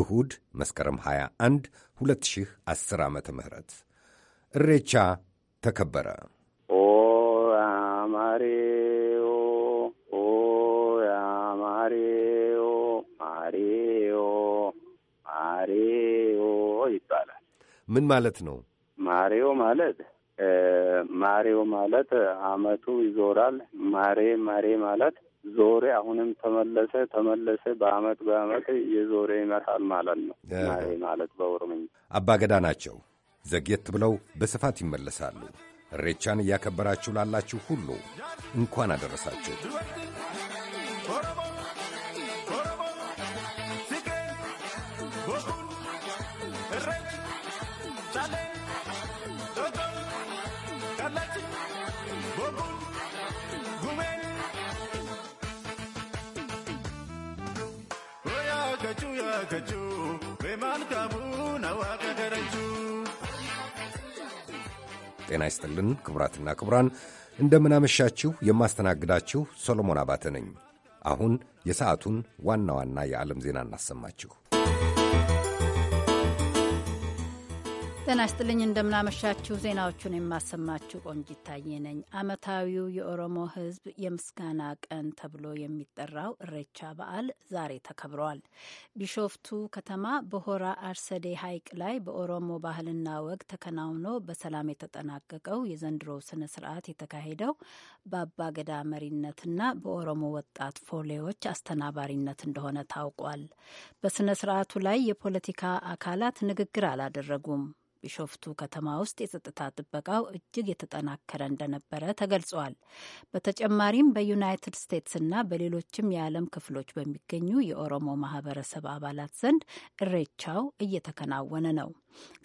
እሁድ መስከረም 21 2010 ዓ ም እሬቻ ተከበረ። ኦ ማሪዮ ኦ ማሪዮ ማሪዮ ማሪዮ ይባላል። ምን ማለት ነው? ማሬዮ ማለት ማሬዮ ማለት አመቱ ይዞራል። ማሬ ማሬ ማለት ዞሬ አሁንም ተመለሰ ተመለሰ በአመት በአመት የዞሬ ይመጣል ማለት ነው። ማሬ ማለት በኦሮምኛ አባገዳ ናቸው። ዘግየት ብለው በስፋት ይመለሳሉ። እሬቻን እያከበራችሁ ላላችሁ ሁሉ እንኳን አደረሳችሁ። ጤና ይስጥልን ክቡራትና ክቡራን፣ እንደምናመሻችሁ። የማስተናግዳችሁ ሰሎሞን አባተ ነኝ። አሁን የሰዓቱን ዋና ዋና የዓለም ዜና እናሰማችሁ። ጤና ይስጥልኝ እንደምናመሻችሁ። ዜናዎቹን የማሰማችሁ ቆንጂት ታዬ ነኝ። ዓመታዊው የኦሮሞ ሕዝብ የምስጋና ቀን ተብሎ የሚጠራው እሬቻ በዓል ዛሬ ተከብሯል። ቢሾፍቱ ከተማ በሆራ አርሰዴ ሐይቅ ላይ በኦሮሞ ባህልና ወግ ተከናውኖ በሰላም የተጠናቀቀው የዘንድሮ ስነ ስርዓት የተካሄደው በአባ ገዳ መሪነትና በኦሮሞ ወጣት ፎሌዎች አስተናባሪነት እንደሆነ ታውቋል። በስነ ስርዓቱ ላይ የፖለቲካ አካላት ንግግር አላደረጉም። ቢሾፍቱ ከተማ ውስጥ የጸጥታ ጥበቃው እጅግ የተጠናከረ እንደነበረ ተገልጿል። በተጨማሪም በዩናይትድ ስቴትስና በሌሎችም የዓለም ክፍሎች በሚገኙ የኦሮሞ ማህበረሰብ አባላት ዘንድ እሬቻው እየተከናወነ ነው።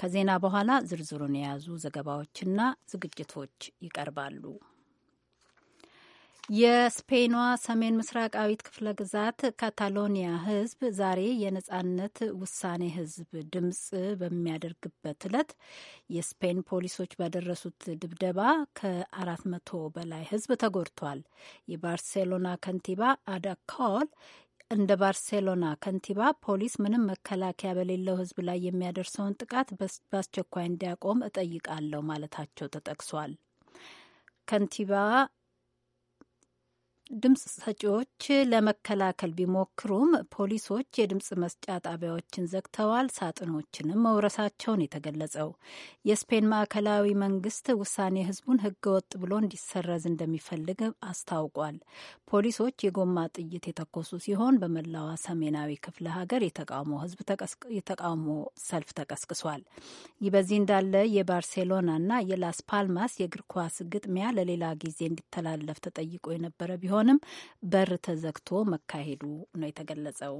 ከዜና በኋላ ዝርዝሩን የያዙ ዘገባዎችና ዝግጅቶች ይቀርባሉ። የስፔኗ ሰሜን ምስራቃዊት ክፍለ ግዛት ካታሎኒያ ህዝብ ዛሬ የነጻነት ውሳኔ ህዝብ ድምፅ በሚያደርግበት ዕለት የስፔን ፖሊሶች ባደረሱት ድብደባ ከአራት መቶ በላይ ህዝብ ተጎድቷል። የባርሴሎና ከንቲባ አዳ ኮል እንደ ባርሴሎና ከንቲባ ፖሊስ ምንም መከላከያ በሌለው ህዝብ ላይ የሚያደርሰውን ጥቃት በአስቸኳይ እንዲያቆም እጠይቃለሁ ማለታቸው ተጠቅሷል። ከንቲባ ድምፅ ሰጪዎች ለመከላከል ቢሞክሩም ፖሊሶች የድምፅ መስጫ ጣቢያዎችን ዘግተዋል፣ ሳጥኖችንም መውረሳቸውን የተገለጸው የስፔን ማዕከላዊ መንግስት ውሳኔ ህዝቡን ህገወጥ ብሎ እንዲሰረዝ እንደሚፈልግ አስታውቋል። ፖሊሶች የጎማ ጥይት የተኮሱ ሲሆን በመላዋ ሰሜናዊ ክፍለ ሀገር የተቃውሞ ህዝብ የተቃውሞ ሰልፍ ተቀስቅሷል። ይህ በዚህ እንዳለ የባርሴሎናና የላስ ፓልማስ የእግር ኳስ ግጥሚያ ለሌላ ጊዜ እንዲተላለፍ ተጠይቆ የነበረ ቢሆን ቢሆንም በር ተዘግቶ መካሄዱ ነው የተገለጸው።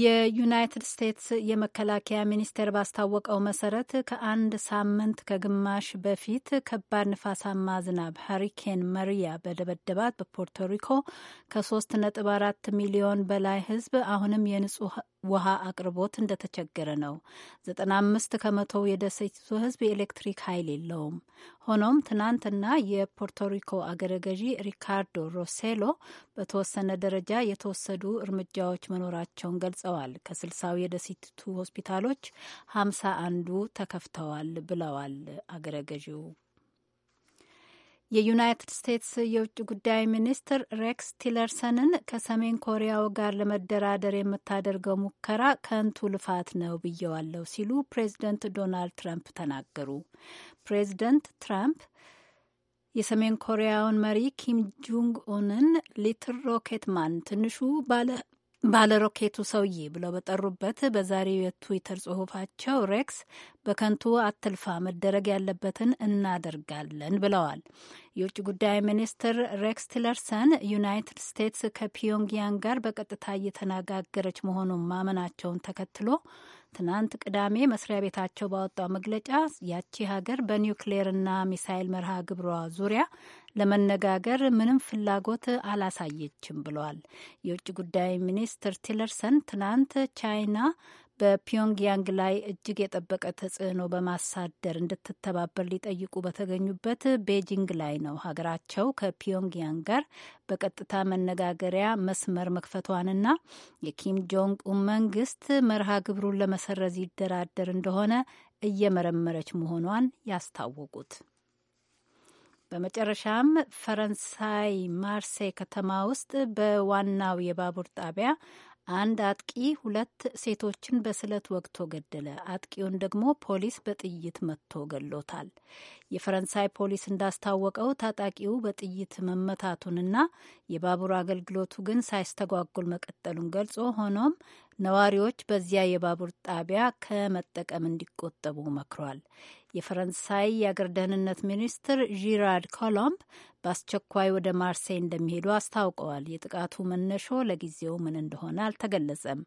የዩናይትድ ስቴትስ የመከላከያ ሚኒስቴር ባስታወቀው መሰረት ከአንድ ሳምንት ከግማሽ በፊት ከባድ ንፋሳማ ዝናብ ሀሪኬን መሪያ በደበደባት በፖርቶሪኮ ከሶስት ነጥብ አራት ሚሊዮን በላይ ሕዝብ አሁንም የንጹህ ውሃ አቅርቦት እንደተቸገረ ነው። 95 ከመቶ የደሴቱ ህዝብ የኤሌክትሪክ ኃይል የለውም። ሆኖም ትናንትና የፖርቶሪኮ አገረ ገዢ ሪካርዶ ሮሴሎ በተወሰነ ደረጃ የተወሰዱ እርምጃዎች መኖራቸውን ገልጸዋል። ከስልሳው የደሴቱ ሆስፒታሎች ሀምሳ አንዱ ተከፍተዋል ብለዋል አገረ ገዢው። የዩናይትድ ስቴትስ የውጭ ጉዳይ ሚኒስትር ሬክስ ቲለርሰንን ከሰሜን ኮሪያው ጋር ለመደራደር የምታደርገው ሙከራ ከንቱ ልፋት ነው ብየዋለሁ ሲሉ ፕሬዚደንት ዶናልድ ትራምፕ ተናገሩ። ፕሬዚደንት ትራምፕ የሰሜን ኮሪያውን መሪ ኪም ጁንግ ኡንን ሊትል ሮኬት ማን ትንሹ ባለ ሮኬቱ ሰውዬ ብለው በጠሩበት በዛሬው የትዊተር ጽሁፋቸው ሬክስ በከንቱ አትልፋ፣ መደረግ ያለበትን እናደርጋለን ብለዋል። የውጭ ጉዳይ ሚኒስትር ሬክስ ቲለርሰን ዩናይትድ ስቴትስ ከፒዮንግያንግ ጋር በቀጥታ እየተነጋገረች መሆኑን ማመናቸውን ተከትሎ ትናንት ቅዳሜ መስሪያ ቤታቸው ባወጣው መግለጫ ያቺ ሀገር በኒውክሌርና ሚሳይል መርሃ ግብሯ ዙሪያ ለመነጋገር ምንም ፍላጎት አላሳየችም ብለዋል። የውጭ ጉዳይ ሚኒስትር ቲለርሰን ትናንት ቻይና በፒዮንግያንግ ላይ እጅግ የጠበቀ ተጽዕኖ በማሳደር እንድትተባበር ሊጠይቁ በተገኙበት ቤጂንግ ላይ ነው ሀገራቸው ከፒዮንግያንግ ጋር በቀጥታ መነጋገሪያ መስመር መክፈቷንና የኪም ጆንግ ኡን መንግስት መርሃ ግብሩን ለመሰረዝ ይደራደር እንደሆነ እየመረመረች መሆኗን ያስታወቁት በመጨረሻም ፈረንሳይ ማርሴይ ከተማ ውስጥ በዋናው የባቡር ጣቢያ አንድ አጥቂ ሁለት ሴቶችን በስለት ወግቶ ገደለ። አጥቂውን ደግሞ ፖሊስ በጥይት መትቶ ገሎታል። የፈረንሳይ ፖሊስ እንዳስታወቀው ታጣቂው በጥይት መመታቱንና የባቡር አገልግሎቱ ግን ሳይስተጓጉል መቀጠሉን ገልጾ ሆኖም ነዋሪዎች በዚያ የባቡር ጣቢያ ከመጠቀም እንዲቆጠቡ መክሯል። የፈረንሳይ የአገር ደህንነት ሚኒስትር ዢራርድ ኮሎምብ በአስቸኳይ ወደ ማርሴይ እንደሚሄዱ አስታውቀዋል። የጥቃቱ መነሾ ለጊዜው ምን እንደሆነ አልተገለጸም።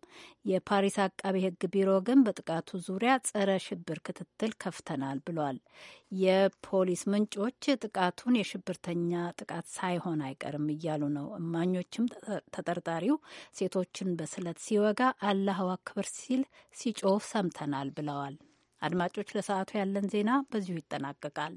የፓሪስ አቃቤ ሕግ ቢሮ ግን በጥቃቱ ዙሪያ ጸረ ሽብር ክትትል ከፍተናል ብሏል። የፖሊስ ምንጮች ጥቃቱን የሽብርተኛ ጥቃት ሳይሆን አይቀርም እያሉ ነው። እማኞችም ተጠርጣሪው ሴቶችን በስለት ሲወጋ አላሁ አክበር ሲል ሲጮህ ሰምተናል ብለዋል። አድማጮች፣ ለሰዓቱ ያለን ዜና በዚሁ ይጠናቀቃል።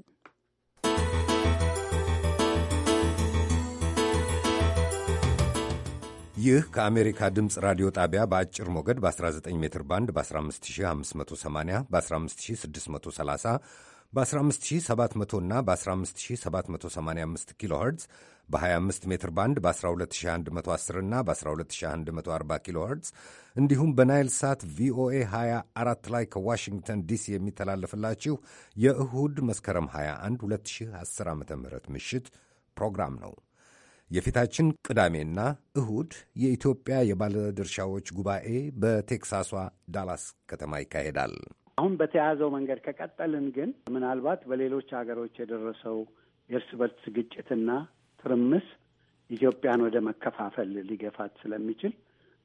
ይህ ከአሜሪካ ድምፅ ራዲዮ ጣቢያ በአጭር ሞገድ በ19 ሜትር ባንድ በ15580 በ15630 በ15700 እና በ15785 ኪሎ ኸርትዝ በ25 ሜትር ባንድ በ12110 እና በ12140 ኪሎ ሄርትዝ እንዲሁም በናይል ሳት ቪኦኤ 24 ላይ ከዋሽንግተን ዲሲ የሚተላለፍላችሁ የእሁድ መስከረም 21 2010 ዓ ም ምሽት ፕሮግራም ነው። የፊታችን ቅዳሜና እሁድ የኢትዮጵያ የባለድርሻዎች ጉባኤ በቴክሳሷ ዳላስ ከተማ ይካሄዳል። አሁን በተያዘው መንገድ ከቀጠልን ግን ምናልባት በሌሎች ሀገሮች የደረሰው የእርስ በርስ ግጭትና ትርምስ ኢትዮጵያን ወደ መከፋፈል ሊገፋት ስለሚችል፣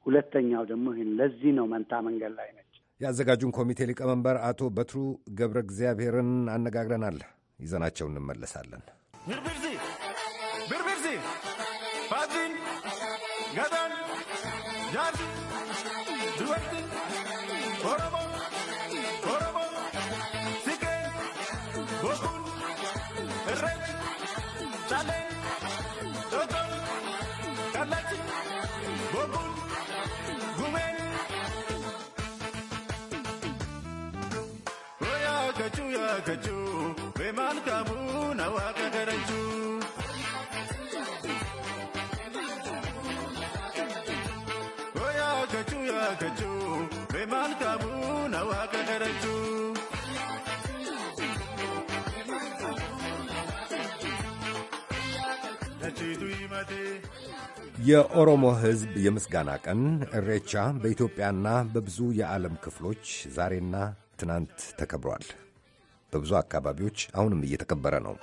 ሁለተኛው ደግሞ ይህን ለዚህ ነው መንታ መንገድ ላይ ነች። የአዘጋጁን ኮሚቴ ሊቀመንበር አቶ በትሩ ገብረ እግዚአብሔርን አነጋግረናል። ይዘናቸው እንመለሳለን። አመለከችው በመልካሙ ነዋቀደረችው ያከችው ያከችው በመልካሙ ነዋቀደረችው የኦሮሞ ሕዝብ የምስጋና ቀን እሬቻ በኢትዮጵያና በብዙ የዓለም ክፍሎች ዛሬና ትናንት ተከብሯል። በብዙ አካባቢዎች አሁንም እየተከበረ ነው።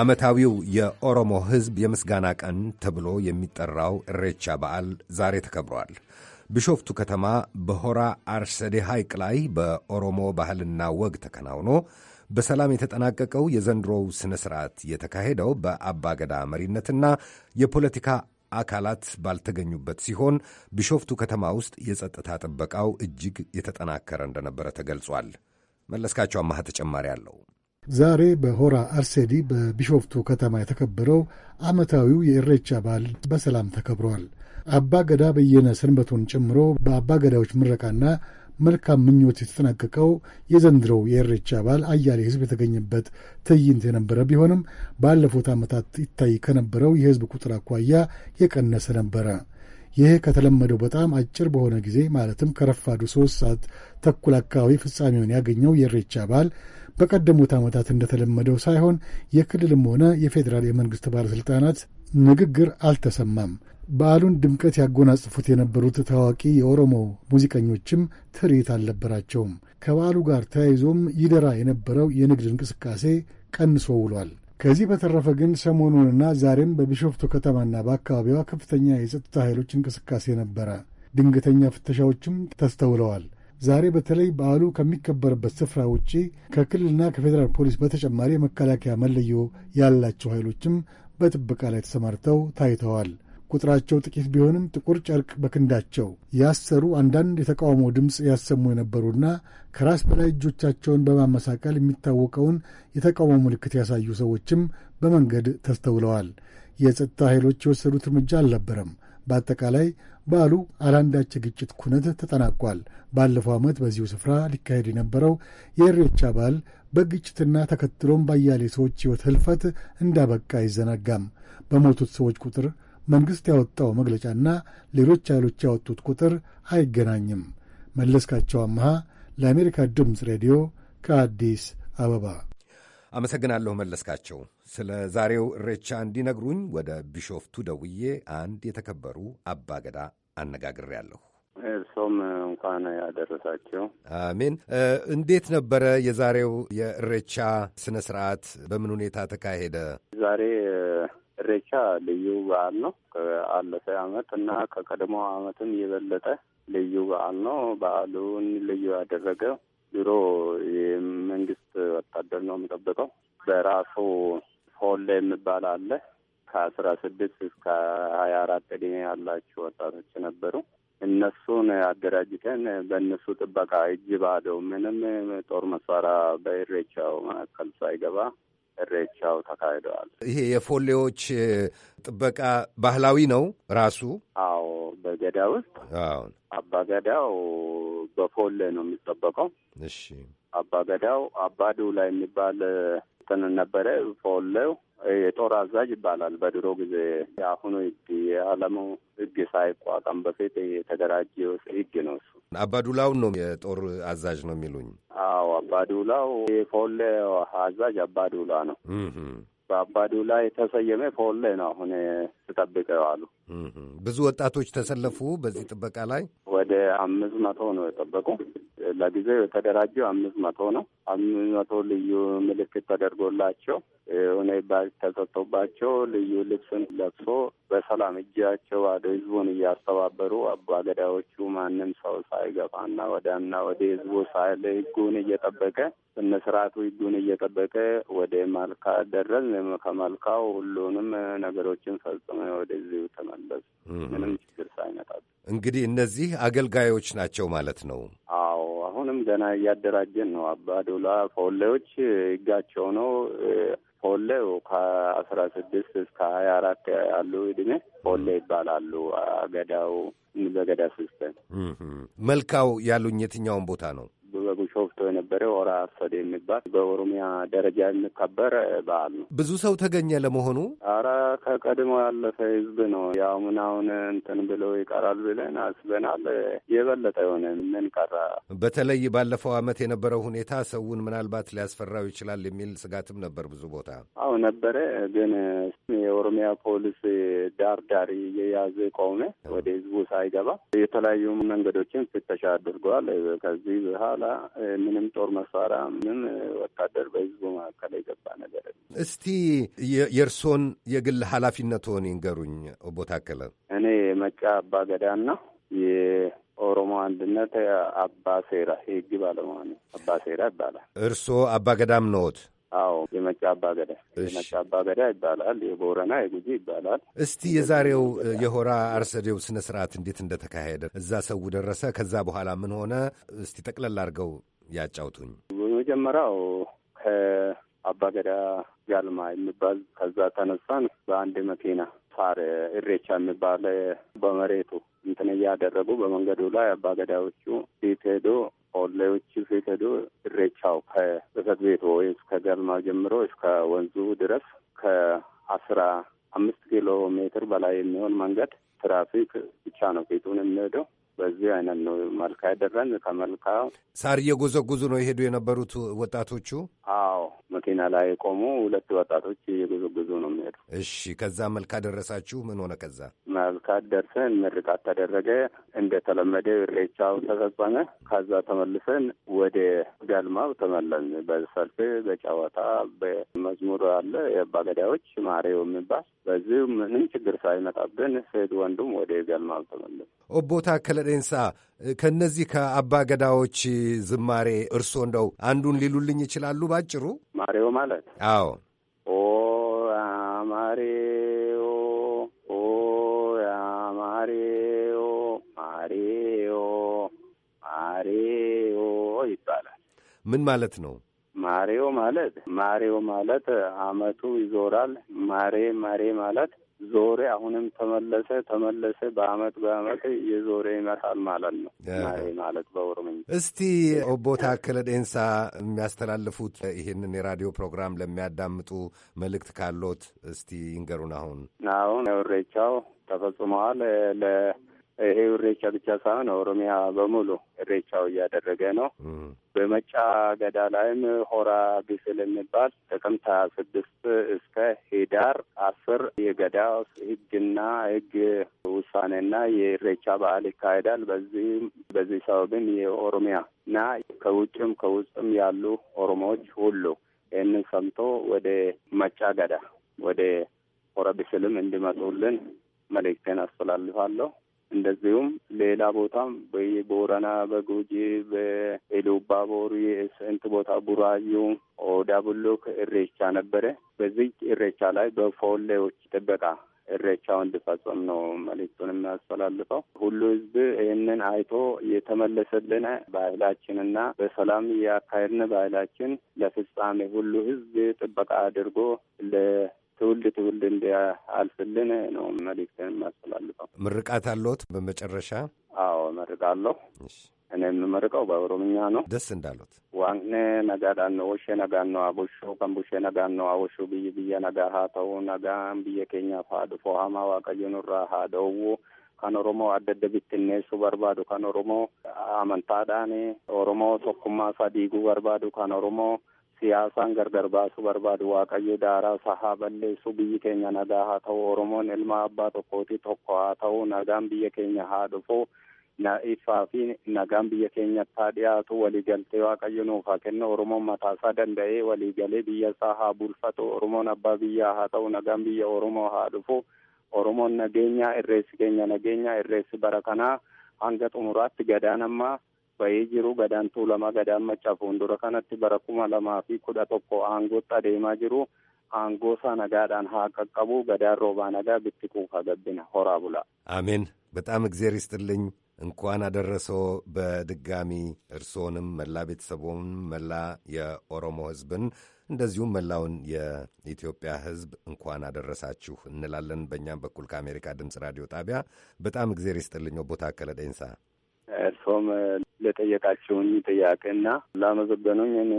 ዓመታዊው የኦሮሞ ሕዝብ የምስጋና ቀን ተብሎ የሚጠራው እሬቻ በዓል ዛሬ ተከብሯል። ቢሾፍቱ ከተማ በሆራ አርሰዴ ሐይቅ ላይ በኦሮሞ ባህልና ወግ ተከናውኖ በሰላም የተጠናቀቀው የዘንድሮው ሥነ ሥርዓት የተካሄደው በአባገዳ መሪነትና የፖለቲካ አካላት ባልተገኙበት ሲሆን ቢሾፍቱ ከተማ ውስጥ የጸጥታ ጥበቃው እጅግ የተጠናከረ እንደነበረ ተገልጿል። መለስካቸው አማሃ ተጨማሪ አለው። ዛሬ በሆራ አርሴዲ በቢሾፍቱ ከተማ የተከበረው ዓመታዊው የእሬቻ በዓል በሰላም ተከብሯል። አባ ገዳ በየነ ሰንበቱን ጨምሮ በአባ ገዳዎች ምረቃና መልካም ምኞት የተጠናቀቀው የዘንድሮው የእሬቻ በዓል አያሌ ሕዝብ የተገኘበት ትዕይንት የነበረ ቢሆንም ባለፉት ዓመታት ይታይ ከነበረው የሕዝብ ቁጥር አኳያ የቀነሰ ነበረ። ይህ ከተለመደው በጣም አጭር በሆነ ጊዜ ማለትም ከረፋዱ ሦስት ሰዓት ተኩል አካባቢ ፍጻሜውን ያገኘው የእሬቻ በዓል በቀደሙት ዓመታት እንደተለመደው ሳይሆን የክልልም ሆነ የፌዴራል የመንግሥት ባለሥልጣናት ንግግር አልተሰማም። በዓሉን ድምቀት ያጎናጽፉት የነበሩት ታዋቂ የኦሮሞ ሙዚቀኞችም ትርኢት አልነበራቸውም። ከበዓሉ ጋር ተያይዞም ይደራ የነበረው የንግድ እንቅስቃሴ ቀንሶ ውሏል። ከዚህ በተረፈ ግን ሰሞኑንና ዛሬም በቢሾፍቱ ከተማና በአካባቢዋ ከፍተኛ የጸጥታ ኃይሎች እንቅስቃሴ ነበረ። ድንገተኛ ፍተሻዎችም ተስተውለዋል። ዛሬ በተለይ በዓሉ ከሚከበርበት ስፍራ ውጪ ከክልልና ከፌዴራል ፖሊስ በተጨማሪ የመከላከያ መለዮ ያላቸው ኃይሎችም በጥበቃ ላይ ተሰማርተው ታይተዋል። ቁጥራቸው ጥቂት ቢሆንም ጥቁር ጨርቅ በክንዳቸው ያሰሩ አንዳንድ የተቃውሞ ድምፅ ያሰሙ የነበሩና ከራስ በላይ እጆቻቸውን በማመሳቀል የሚታወቀውን የተቃውሞ ምልክት ያሳዩ ሰዎችም በመንገድ ተስተውለዋል። የጸጥታ ኃይሎች የወሰዱት እርምጃ አልነበረም። በአጠቃላይ በዓሉ አላንዳች ግጭት ኩነት ተጠናቋል። ባለፈው ዓመት በዚሁ ስፍራ ሊካሄድ የነበረው የእሬቻ በዓል በግጭትና ተከትሎም ባያሌ ሰዎች ሕይወት ህልፈት እንዳበቃ አይዘነጋም። በሞቱት ሰዎች ቁጥር መንግሥት ያወጣው መግለጫና ሌሎች ኃይሎች ያወጡት ቁጥር አይገናኝም። መለስካቸው አመሃ ለአሜሪካ ድምፅ ሬዲዮ ከአዲስ አበባ አመሰግናለሁ። መለስካቸው ስለ ዛሬው እሬቻ እንዲነግሩኝ ወደ ቢሾፍቱ ደውዬ አንድ የተከበሩ አባገዳ አነጋግሬያለሁ። እርሶም እንኳን ያደረሳቸው። አሜን። እንዴት ነበረ የዛሬው የእሬቻ ስነ ስርዓት? በምን ሁኔታ ተካሄደ? ዛሬ እሬቻ ልዩ በዓል ነው። ከአለፈ አመት እና ከቀድሞ አመትም የበለጠ ልዩ በዓል ነው። በዓሉን ልዩ ያደረገው ድሮ የመንግስት ወታደር ነው የሚጠብቀው። በራሱ ፎለ የሚባል አለ። ከአስራ ስድስት እስከ ሀያ አራት እድሜ ያላቸው ወጣቶች ነበሩ። እነሱን አደራጅተን በእነሱ ጥበቃ እጅ ባዶ ምንም ጦር መሳሪያ በኢሬቻው መካከል ሳይገባ እሬቻው ተካሂደዋል። ይሄ የፎሌዎች ጥበቃ ባህላዊ ነው ራሱ? አዎ፣ በገዳ ውስጥ አባገዳው በፎሌ ነው የሚጠበቀው። እሺ፣ አባገዳው አባዱ ላይ የሚባል እንትን ነበረ ፎሌው የጦር አዛዥ ይባላል። በድሮ ጊዜ የአሁኑ ህግ የዓለሙ ህግ ሳይቋቋም በፊት የተደራጀ ህግ ነው። እሱ አባዱላው ነው የጦር አዛዥ ነው የሚሉኝ። አዎ አባዱላው የፎሌ አዛዥ አባዱላ ነው። በአባዱላ የተሰየመ ፖል ነው አሁን ስጠብቀው አሉ። ብዙ ወጣቶች ተሰለፉ በዚህ ጥበቃ ላይ ወደ አምስት መቶ ነው የጠበቁ። ለጊዜው የተደራጀው አምስት መቶ ነው። አምስት መቶ ልዩ ምልክት ተደርጎላቸው የሆነ ባጅ ተሰጥቶባቸው ልዩ ልብስን ለብሶ በሰላም እጃቸው ባዶ ህዝቡን እያስተባበሩ አባገዳዎቹ ማንም ሰው ሳይገባና ወደና ወደ ህዝቡ ሳይለ ህጉን እየጠበቀ ስነስርዓቱ ህጉን እየጠበቀ ወደ ማልካ ደረስ። ከማልካው ሁሉንም ነገሮችን ፈጽመ ወደዚሁ ተመለስ፣ ምንም ችግር ሳይመጣል። እንግዲህ እነዚህ አገልጋዮች ናቸው ማለት ነው። አዎ አሁንም ገና እያደራጀን ነው። አባዶላ ፎሌዎች ህጋቸው ነው። ፎሌው ከአስራ ስድስት እስከ ሀያ አራት ያሉ እድሜ ፎሌ ይባላሉ። አገዳው በገዳ ሲስተም መልካው ያሉኝ የትኛውን ቦታ ነው? በጉሾ የነበረ ወራ አርሰዴ የሚባል በኦሮሚያ ደረጃ የሚከበር በዓል ነው። ብዙ ሰው ተገኘ ለመሆኑ? አረ ከቀድሞ ያለፈ ህዝብ ነው። ያው ምን አሁን እንትን ብሎ ይቀራል ብለን አስበናል። የበለጠ የሆነ ምን ቀረ? በተለይ ባለፈው አመት የነበረው ሁኔታ ሰውን ምናልባት ሊያስፈራው ይችላል የሚል ስጋትም ነበር ብዙ ቦታ። አዎ ነበረ። ግን የኦሮሚያ ፖሊስ ዳር ዳር እየያዘ ቆመ፣ ወደ ህዝቡ ሳይገባ የተለያዩ መንገዶችን ፍተሻ አድርገዋል። ከዚህ በኋላ በኋላ ምንም ጦር መሳሪያ ምን ወታደር በህዝቡ መካከል የገባ ነገር። እስቲ የእርሶን የግል ኃላፊነትዎን ይንገሩኝ። ቦታከለ እኔ መጫ አባ ገዳና የኦሮሞ አንድነት አባ ሴራ የህግ ባለሙያ ነኝ። አባ ሴራ ይባላል። እርስዎ አባ ገዳም ነዎት? አዎ የመጫ አባገዳ የመጫ አባገዳ ይባላል። የቦረና የጉጂ ይባላል። እስቲ የዛሬው የሆራ አርሰዴው ስነ ስርዓት እንዴት እንደተካሄደ እዛ ሰው ደረሰ፣ ከዛ በኋላ ምን ሆነ? እስቲ ጠቅለል አድርገው ያጫውቱኝ። መጀመሪያው ከአባገዳ ጋልማ የሚባል ከዛ ተነሳን በአንድ መኪና ሳር እሬቻ የሚባል በመሬቱ እንትን እያደረጉ በመንገዱ ላይ አባገዳዎቹ ፊት ሄዶ ኦሌዎች ፊት ሄዶ እሬቻው ከጽሕፈት ቤቱ ወይ እስከ ጀምሮ እስከ ወንዙ ድረስ ከአስራ አምስት ኪሎ ሜትር በላይ የሚሆን መንገድ ትራፊክ ብቻ ነው ፊቱን የሚሄደው። በዚህ አይነት ነው መልካ ያደረን ከመልካ ሳር እየጎዘጉዙ ነው የሄዱ የነበሩት ወጣቶቹ። አዎ መኪና ላይ የቆሙ ሁለት ወጣቶች እየጎዘጉዙ ነው የሚሄዱ። እሺ፣ ከዛ መልካ ደረሳችሁ። ምን ሆነ? ከዛ መልካ ደርሰን ምርቃት ተደረገ። እንደተለመደ ሬቻው ተፈጸመ። ከዛ ተመልሰን ወደ ገልማው ተመለን። በሰልፍ በጨዋታ በመዝሙር አለ የአባገዳዎች ማሬው የሚባል በዚህ ምንም ችግር ሳይመጣብን ሴት ወንዱም ወደ ገልማው ተመለን። ኦቦ ሬንሳ ከነዚህ ከአባ ገዳዎች ዝማሬ እርስዎ እንደው አንዱን ሊሉልኝ ይችላሉ? ባጭሩ ማሬው ማለት አዎ ኦ ማሬዮ ኦ ማሬዮ ማሬዮ ማሬዮ ይባላል። ምን ማለት ነው? ማሬው ማለት ማሬው ማለት አመቱ ይዞራል። ማሬ ማሬ ማለት ዞሬ አሁንም ተመለሰ ተመለሰ በአመት በአመት የዞሬ ይመጣል ማለት ነው። ማለት በኦሮምኛ እስቲ ኦቦ ታከለ ዴንሳ የሚያስተላልፉት ይህንን የራዲዮ ፕሮግራም ለሚያዳምጡ መልእክት ካሎት እስቲ ይንገሩን። አሁን አሁን ኢሬቻው ተፈጽመዋል። ይሄ እሬቻ ብቻ ሳይሆን ኦሮሚያ በሙሉ እሬቻው እያደረገ ነው። በመጫ ገዳ ላይም ሆራ ቢስል የሚባል ጥቅምት ሀያ ስድስት እስከ ሂዳር አስር የገዳ ህግና ህግ ውሳኔና የእሬቻ በዓል ይካሄዳል። በዚህም በዚህ ሰው ግን የኦሮሚያ እና ከውጭም ከውስጥም ያሉ ኦሮሞዎች ሁሉ ይህንን ሰምቶ ወደ መጫ ገዳ ወደ ሆራ ብስልም እንዲመጡልን መልእክቴን አስተላልፋለሁ። እንደዚሁም ሌላ ቦታም ቦረና በጉጂ፣ በኢሉባቦር የስንት ቦታ ቡራዩ፣ ኦዳቡሉክ እሬቻ ነበረ። በዚህ እሬቻ ላይ በፎሌዎች ጥበቃ እሬቻው እንድፈጽም ነው መልዕክቱን የሚያስተላልፈው። ሁሉ ህዝብ ይህንን አይቶ የተመለሰልን ባህላችንና በሰላም እያካሄድን ባህላችን ለፍጻሜ ሁሉ ህዝብ ጥበቃ አድርጎ ትውልድ ትውልድ እንዲያልፍልን ነው መልእክትን የማስተላልፈው። ምርቃት አለሁት። በመጨረሻ አዎ መርቃለሁ። እኔ የምመርቀው በኦሮምኛ ነው። ደስ እንዳሉት ዋኔ ነጋዳን ነው ወሼ ነጋ ነው አቦሾ ከምቡሼ ነጋ ነው አቦሾ ብይ ብየ ነጋ ሀተው ነጋን ብየ ኬኛ ፋዱ ፎሃማ ዋቀየኑራ ሀደውዎ kan Oromoo adda adda bittinneessuu barbaadu ኦሮሞ Oromoo amantaadhaan Oromoo tokkummaa fadiiguu barbaadu kan siyaasaan gargar baasuu barbaadu waaqayyo daaraa sahaa balleessu biyyi keenya nagaa haa ta'u oromoon ilma abbaa tokkooti tokko haa ta'u nagaan biyya keenya haa dhufu ifaa fi nagaan biyya keenya taa dhiyaatu waliigaltee waaqayyo nuuf haa oromoon mataasaa danda'ee waliigalee biyyasaa haa bulfatu oromoon abbaa biyyaa haa ta'u nagaan biyya oromoo haa dhufu oromoon nageenya irreessi keenya nageenya irreessi bara kanaa hanga xumuraatti gadaan ba'ee jiru gadaan tuulamaa gadaan macaafuun dura kanatti bara kuma lamaa fi kudha tokko aangootti adeemaa jiru. Aangoo saa nagaadhaan haa qaqqabu gadaan roobaa nagaa bitti kuufaa gabbina ሆራ ቡላ አሜን። በጣም እግዜር ይስጥልኝ። እንኳን አደረሰው በድጋሚ እርስዎንም መላ ቤተሰቦንም መላ የኦሮሞ ሕዝብን እንደዚሁም መላውን የኢትዮጵያ ሕዝብ እንኳን አደረሳችሁ እንላለን። በእኛም በኩል ከአሜሪካ ድምፅ ራዲዮ ጣቢያ በጣም እግዜር ይስጥልኝ። ቦታከለ ደንሳ እርስዎም ለጠየቃችሁኝ ጥያቄና ላመዘገኑኝ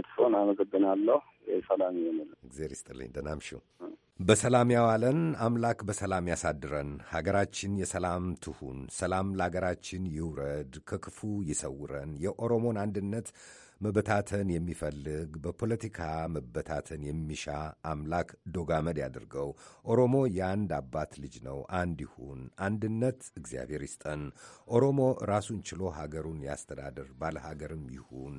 እርስዎን አመዘግናለሁ። ሰላም ይሆንል። እግዜር ይስጥልኝ። ደህና አምሹ። በሰላም ያዋለን አምላክ በሰላም ያሳድረን። ሀገራችን የሰላም ትሁን። ሰላም ለሀገራችን ይውረድ፣ ከክፉ ይሰውረን። የኦሮሞን አንድነት መበታተን የሚፈልግ በፖለቲካ መበታተን የሚሻ አምላክ ዶጋመድ ያድርገው። ኦሮሞ የአንድ አባት ልጅ ነው። አንድ ይሁን። አንድነት እግዚአብሔር ይስጠን። ኦሮሞ ራሱን ችሎ ሀገሩን ያስተዳድር፣ ባለ ሀገርም ይሁን።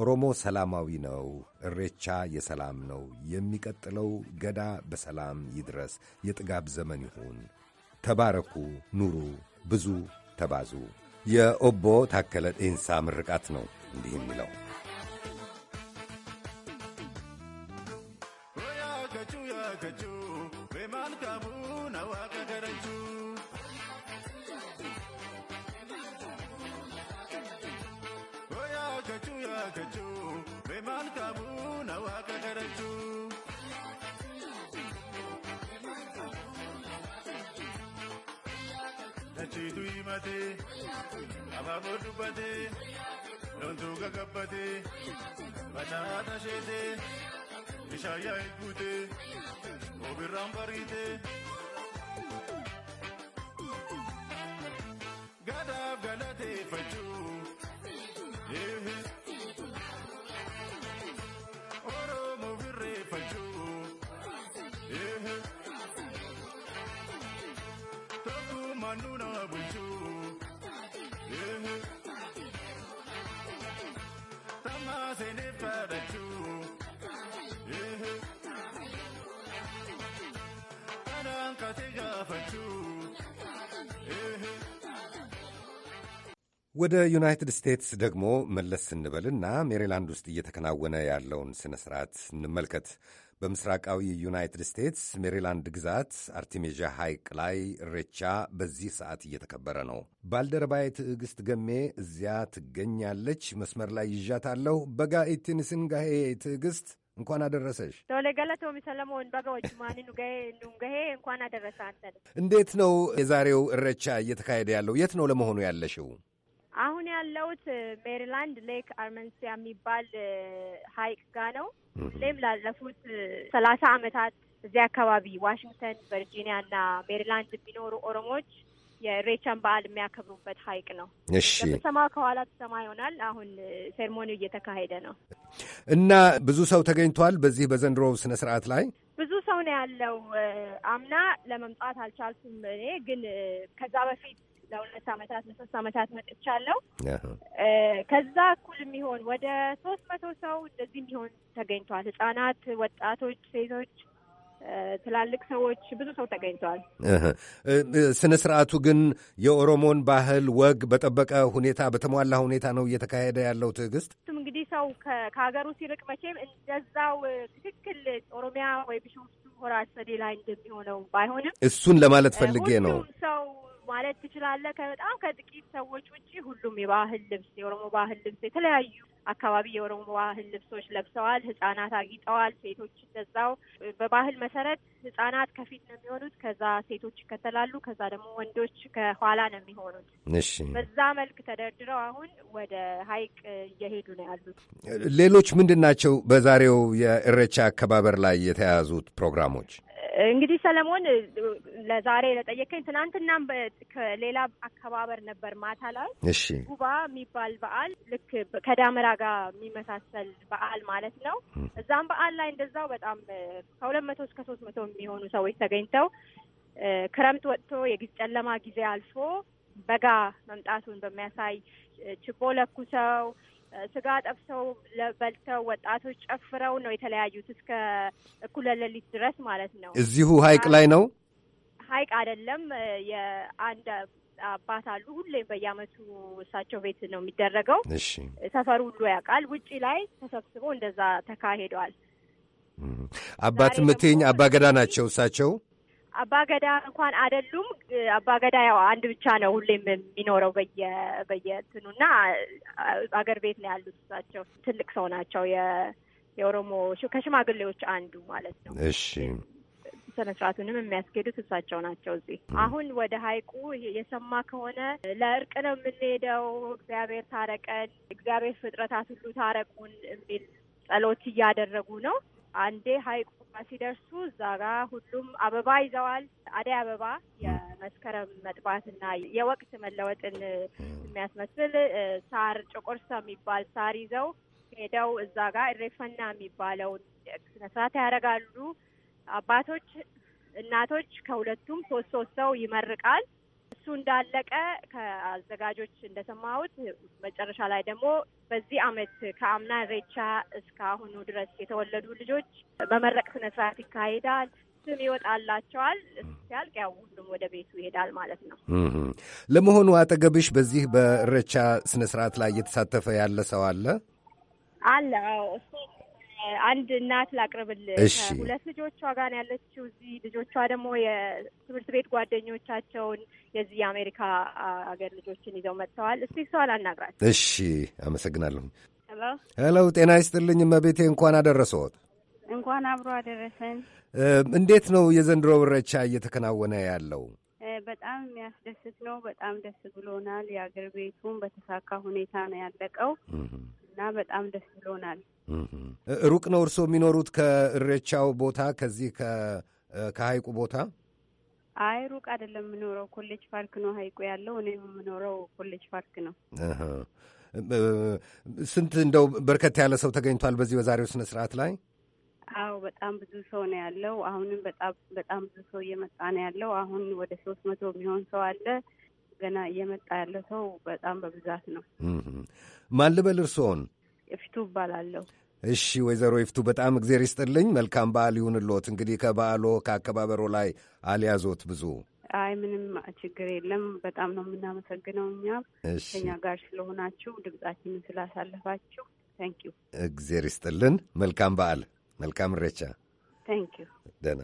ኦሮሞ ሰላማዊ ነው። እሬቻ የሰላም ነው። የሚቀጥለው ገዳ በሰላም ይድረስ። የጥጋብ ዘመን ይሁን። ተባረኩ፣ ኑሩ፣ ብዙ ተባዙ። የኦቦ ታከለ ጤንሳ ምርቃት ነው እንዲህ የሚለው። gaafachuu reemaan kaabuu na waaqa garachuu. Yaakachuu yaakachuu na waaqa garachuu. Dachiitu himatee abaaboo dubbatee loontuu gagabbatee Bishaayaa eeggutee obirraan bariitee. Gadaaf galateeffachuu. Oromoo birreeffachuu. Tokkummaan nuna bulchuu. Tammaa seeneef kadhachuu. ወደ ዩናይትድ ስቴትስ ደግሞ መለስ ስንበልና ሜሪላንድ ውስጥ እየተከናወነ ያለውን ስነ ስርዓት እንመልከት። በምስራቃዊ ዩናይትድ ስቴትስ ሜሪላንድ ግዛት አርቴሜዣ ሐይቅ ላይ እሬቻ በዚህ ሰዓት እየተከበረ ነው። ባልደረባዬ ትዕግስት ገሜ እዚያ ትገኛለች። መስመር ላይ ይዣታለሁ። በጋ ኢትንስንጋሄ ትዕግስት እንኳን አደረሰሽ። ቶሌገለቶሚ ሰለሞን በገዎች ማኒ ኑገሄ ኑንገሄ እንኳን አደረሰ። አንተ እንዴት ነው የዛሬው እረቻ እየተካሄደ ያለው? የት ነው ለመሆኑ ያለሽው? አሁን ያለሁት ሜሪላንድ ሌክ አርመንሲያ የሚባል ሀይቅ ጋ ነው። ሁሌም ላለፉት ሰላሳ አመታት እዚያ አካባቢ ዋሽንግተን፣ ቨርጂኒያ እና ሜሪላንድ የሚኖሩ ኦሮሞዎች የሬቻን በዓል የሚያከብሩበት ሀይቅ ነው። እሺ ሰማ ከኋላ ተሰማ ይሆናል። አሁን ሴርሞኒው እየተካሄደ ነው እና ብዙ ሰው ተገኝቷል በዚህ በዘንድሮ ስነ ስርዓት ላይ ብዙ ሰው ነው ያለው። አምና ለመምጣት አልቻልኩም እኔ ግን ከዛ በፊት ለሁለት ዓመታት ለሶስት ዓመታት መጥቻለሁ። ከዛ እኩል የሚሆን ወደ ሶስት መቶ ሰው እንደዚህ የሚሆን ተገኝቷል። ህጻናት፣ ወጣቶች፣ ሴቶች ትላልቅ ሰዎች፣ ብዙ ሰው ተገኝተዋል። ስነ ስርዓቱ ግን የኦሮሞን ባህል ወግ በጠበቀ ሁኔታ በተሟላ ሁኔታ ነው እየተካሄደ ያለው። ትዕግስት እንግዲህ ሰው ከሀገሩ ሲርቅ መቼም እንደዛው ትክክል ኦሮሚያ ወይ ቢሾፍቱ ሆራ አርሰዴ ላይ እንደሚሆነው ባይሆንም እሱን ለማለት ፈልጌ ነው ሰው ማለት ትችላለህ። ከበጣም ከጥቂት ሰዎች ውጭ ሁሉም የባህል ልብስ የኦሮሞ ባህል ልብስ የተለያዩ አካባቢ የኦሮሞ ባህል ልብሶች ለብሰዋል። ህጻናት አጊጠዋል። ሴቶች እንደዛው። በባህል መሰረት ህጻናት ከፊት ነው የሚሆኑት፣ ከዛ ሴቶች ይከተላሉ፣ ከዛ ደግሞ ወንዶች ከኋላ ነው የሚሆኑት። እሺ፣ በዛ መልክ ተደርድረው አሁን ወደ ሀይቅ እየሄዱ ነው ያሉት። ሌሎች ምንድን ናቸው በዛሬው የእረቻ አከባበር ላይ የተያዙት ፕሮግራሞች? እንግዲህ ሰለሞን ለዛሬ ለጠየቀኝ ትናንትናም ከሌላ አከባበር ነበር ማታ ላይ ጉባ የሚባል በዓል ልክ ከዳመራ ጋር የሚመሳሰል በዓል ማለት ነው። እዛም በዓል ላይ እንደዛው በጣም ከሁለት መቶ እስከ ሶስት መቶ የሚሆኑ ሰዎች ተገኝተው ክረምት ወጥቶ የጊዜ ጨለማ ጊዜ አልፎ በጋ መምጣቱን በሚያሳይ ችቦ ለኩሰው ስጋ ጠብሰው በልተው ወጣቶች ጨፍረው ነው የተለያዩት እስከ እኩለ ሌሊት ድረስ ማለት ነው። እዚሁ ሀይቅ ላይ ነው። ሀይቅ አይደለም የአንድ አባት አሉ። ሁሌም በየአመቱ እሳቸው ቤት ነው የሚደረገው። ሰፈር ሁሉ ያውቃል። ውጪ ላይ ተሰብስቦ እንደዛ ተካሂደዋል። አባት ምትኝ አባገዳ ናቸው እሳቸው። አባገዳ እንኳን አይደሉም። አባገዳ ያው አንድ ብቻ ነው ሁሌም የሚኖረው በየ በየእንትኑ እና አገር ቤት ነው ያሉት እሳቸው። ትልቅ ሰው ናቸው። የኦሮሞ ከሽማግሌዎች አንዱ ማለት ነው። እሺ ስነስርዓቱንም የሚያስኬዱት እሳቸው ናቸው። እዚህ አሁን ወደ ሀይቁ የሰማ ከሆነ ለእርቅ ነው የምንሄደው፣ እግዚአብሔር ታረቀን፣ እግዚአብሔር ፍጥረታት ሁሉ ታረቁን የሚል ጸሎት እያደረጉ ነው። አንዴ ሀይቁ ሲደርሱ እዛ ጋ ሁሉም አበባ ይዘዋል። አደይ አበባ የመስከረም መጥባትና የወቅት መለወጥን የሚያስመስል ሳር ጨቆርሳ የሚባል ሳር ይዘው ሄደው እዛ ጋ እሬፈና የሚባለውን ስነስርዓት ያደርጋሉ። አባቶች፣ እናቶች ከሁለቱም ሶስት ሶስት ሰው ይመርቃል። እሱ እንዳለቀ ከአዘጋጆች እንደሰማሁት መጨረሻ ላይ ደግሞ በዚህ አመት ከአምና ሬቻ እስከ አሁኑ ድረስ የተወለዱ ልጆች መመረቅ ስነ ስርዓት ይካሄዳል። ስም ይወጣላቸዋል። ሲያልቅ ያው ሁሉም ወደ ቤቱ ይሄዳል ማለት ነው። ለመሆኑ አጠገብሽ በዚህ በሬቻ ስነ ላይ እየተሳተፈ ያለ ሰው አለ? አለ። እሱ አንድ እናት ላቅርብልህ። ሁለት ልጆቿ ጋር ያለችው እዚህ ልጆቿ ደግሞ የትምህርት ቤት ጓደኞቻቸውን የዚህ የአሜሪካ ሀገር ልጆችን ይዘው መጥተዋል። እስቲ ሰዋል አናግራቸው። እሺ፣ አመሰግናለሁ። ሄሎ ጤና ይስጥልኝ እመቤቴ፣ እንኳን አደረሰዎት። እንኳን አብሮ አደረሰን። እንዴት ነው የዘንድሮ ኢሬቻ እየተከናወነ ያለው? በጣም የሚያስደስት ነው። በጣም ደስ ብሎናል። የአገር ቤቱን በተሳካ ሁኔታ ነው ያለቀው። እና በጣም ደስ ብሎናል። ሩቅ ነው እርስዎ የሚኖሩት ከእሬቻው ቦታ ከዚህ ከሀይቁ ቦታ? አይ ሩቅ አይደለም የምኖረው ኮሌጅ ፓርክ ነው ሀይቁ ያለው። እኔ የምኖረው ኮሌጅ ፓርክ ነው። ስንት እንደው በርከት ያለ ሰው ተገኝቷል በዚህ በዛሬው ስነ ስርዓት ላይ? አዎ በጣም ብዙ ሰው ነው ያለው። አሁንም በጣም በጣም ብዙ ሰው እየመጣ ነው ያለው። አሁን ወደ ሶስት መቶ የሚሆን ሰው አለ። ገና እየመጣ ያለ ሰው በጣም በብዛት ነው። ማን ልበል እርስዎን? የፊቱ እባላለሁ። እሺ ወይዘሮ ይፍቱ በጣም እግዜር ይስጥልኝ። መልካም በዓል ይሁንልዎት። እንግዲህ ከበዓሎ ከአከባበሮ ላይ አልያዞት ብዙ አይ ምንም ችግር የለም። በጣም ነው የምናመሰግነው እኛ ከኛ ጋር ስለሆናችሁ ድምጻችንን ስላሳለፋችሁ ታንኪዩ። እግዜር ይስጥልን። መልካም በዓል፣ መልካም ሬቻ ታንኪዩ። ደህና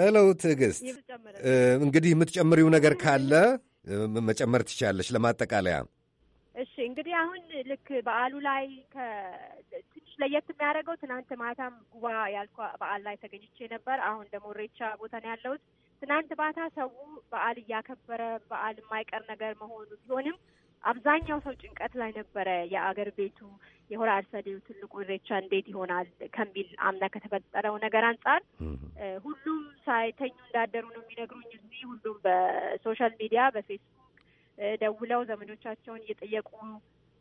ሄሎ ትዕግስት፣ እንግዲህ የምትጨምሪው ነገር ካለ መጨመር ትችላለች ለማጠቃለያ። እሺ እንግዲህ አሁን ልክ በዓሉ ላይ ትንሽ ለየት የሚያደርገው ትናንት ማታም ጉባ ያልኳ በዓል ላይ ተገኝቼ ነበር። አሁን ደግሞ ሬቻ ቦታ ነው ያለሁት። ትናንት ማታ ሰው በዓል እያከበረ በዓል የማይቀር ነገር መሆኑ ቢሆንም አብዛኛው ሰው ጭንቀት ላይ ነበረ። የአገር ቤቱ የሆራ አርሰዴው ትልቁ ኢሬቻ እንዴት ይሆናል ከሚል አምና ከተፈጠረው ነገር አንጻር ሁሉም ሳይተኙ እንዳደሩ ነው የሚነግሩኝ። እዚህ ሁሉም በሶሻል ሚዲያ በፌስቡክ ደውለው ዘመዶቻቸውን እየጠየቁ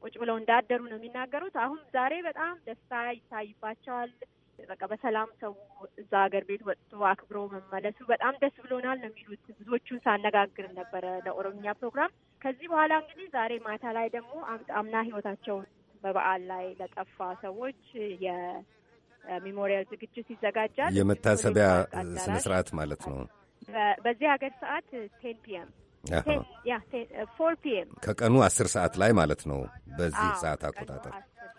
ቁጭ ብለው እንዳደሩ ነው የሚናገሩት። አሁን ዛሬ በጣም ደስታ ይታይባቸዋል። በቃ በሰላም ሰው እዛ ሀገር ቤት ወጥቶ አክብሮ መመለሱ በጣም ደስ ብሎናል ነው የሚሉት ብዙዎቹን ሳነጋግር ነበረ ለኦሮምኛ ፕሮግራም። ከዚህ በኋላ እንግዲህ ዛሬ ማታ ላይ ደግሞ አምና ህይወታቸውን በበዓል ላይ ለጠፋ ሰዎች የሚሞሪያል ዝግጅት ይዘጋጃል። የመታሰቢያ ስነ ማለት ነው። በዚህ ሀገር ሰዓት ቴን ፒኤም ፎር ፒኤም ከቀኑ አስር ሰዓት ላይ ማለት ነው በዚህ ሰዓት አቆጣጠር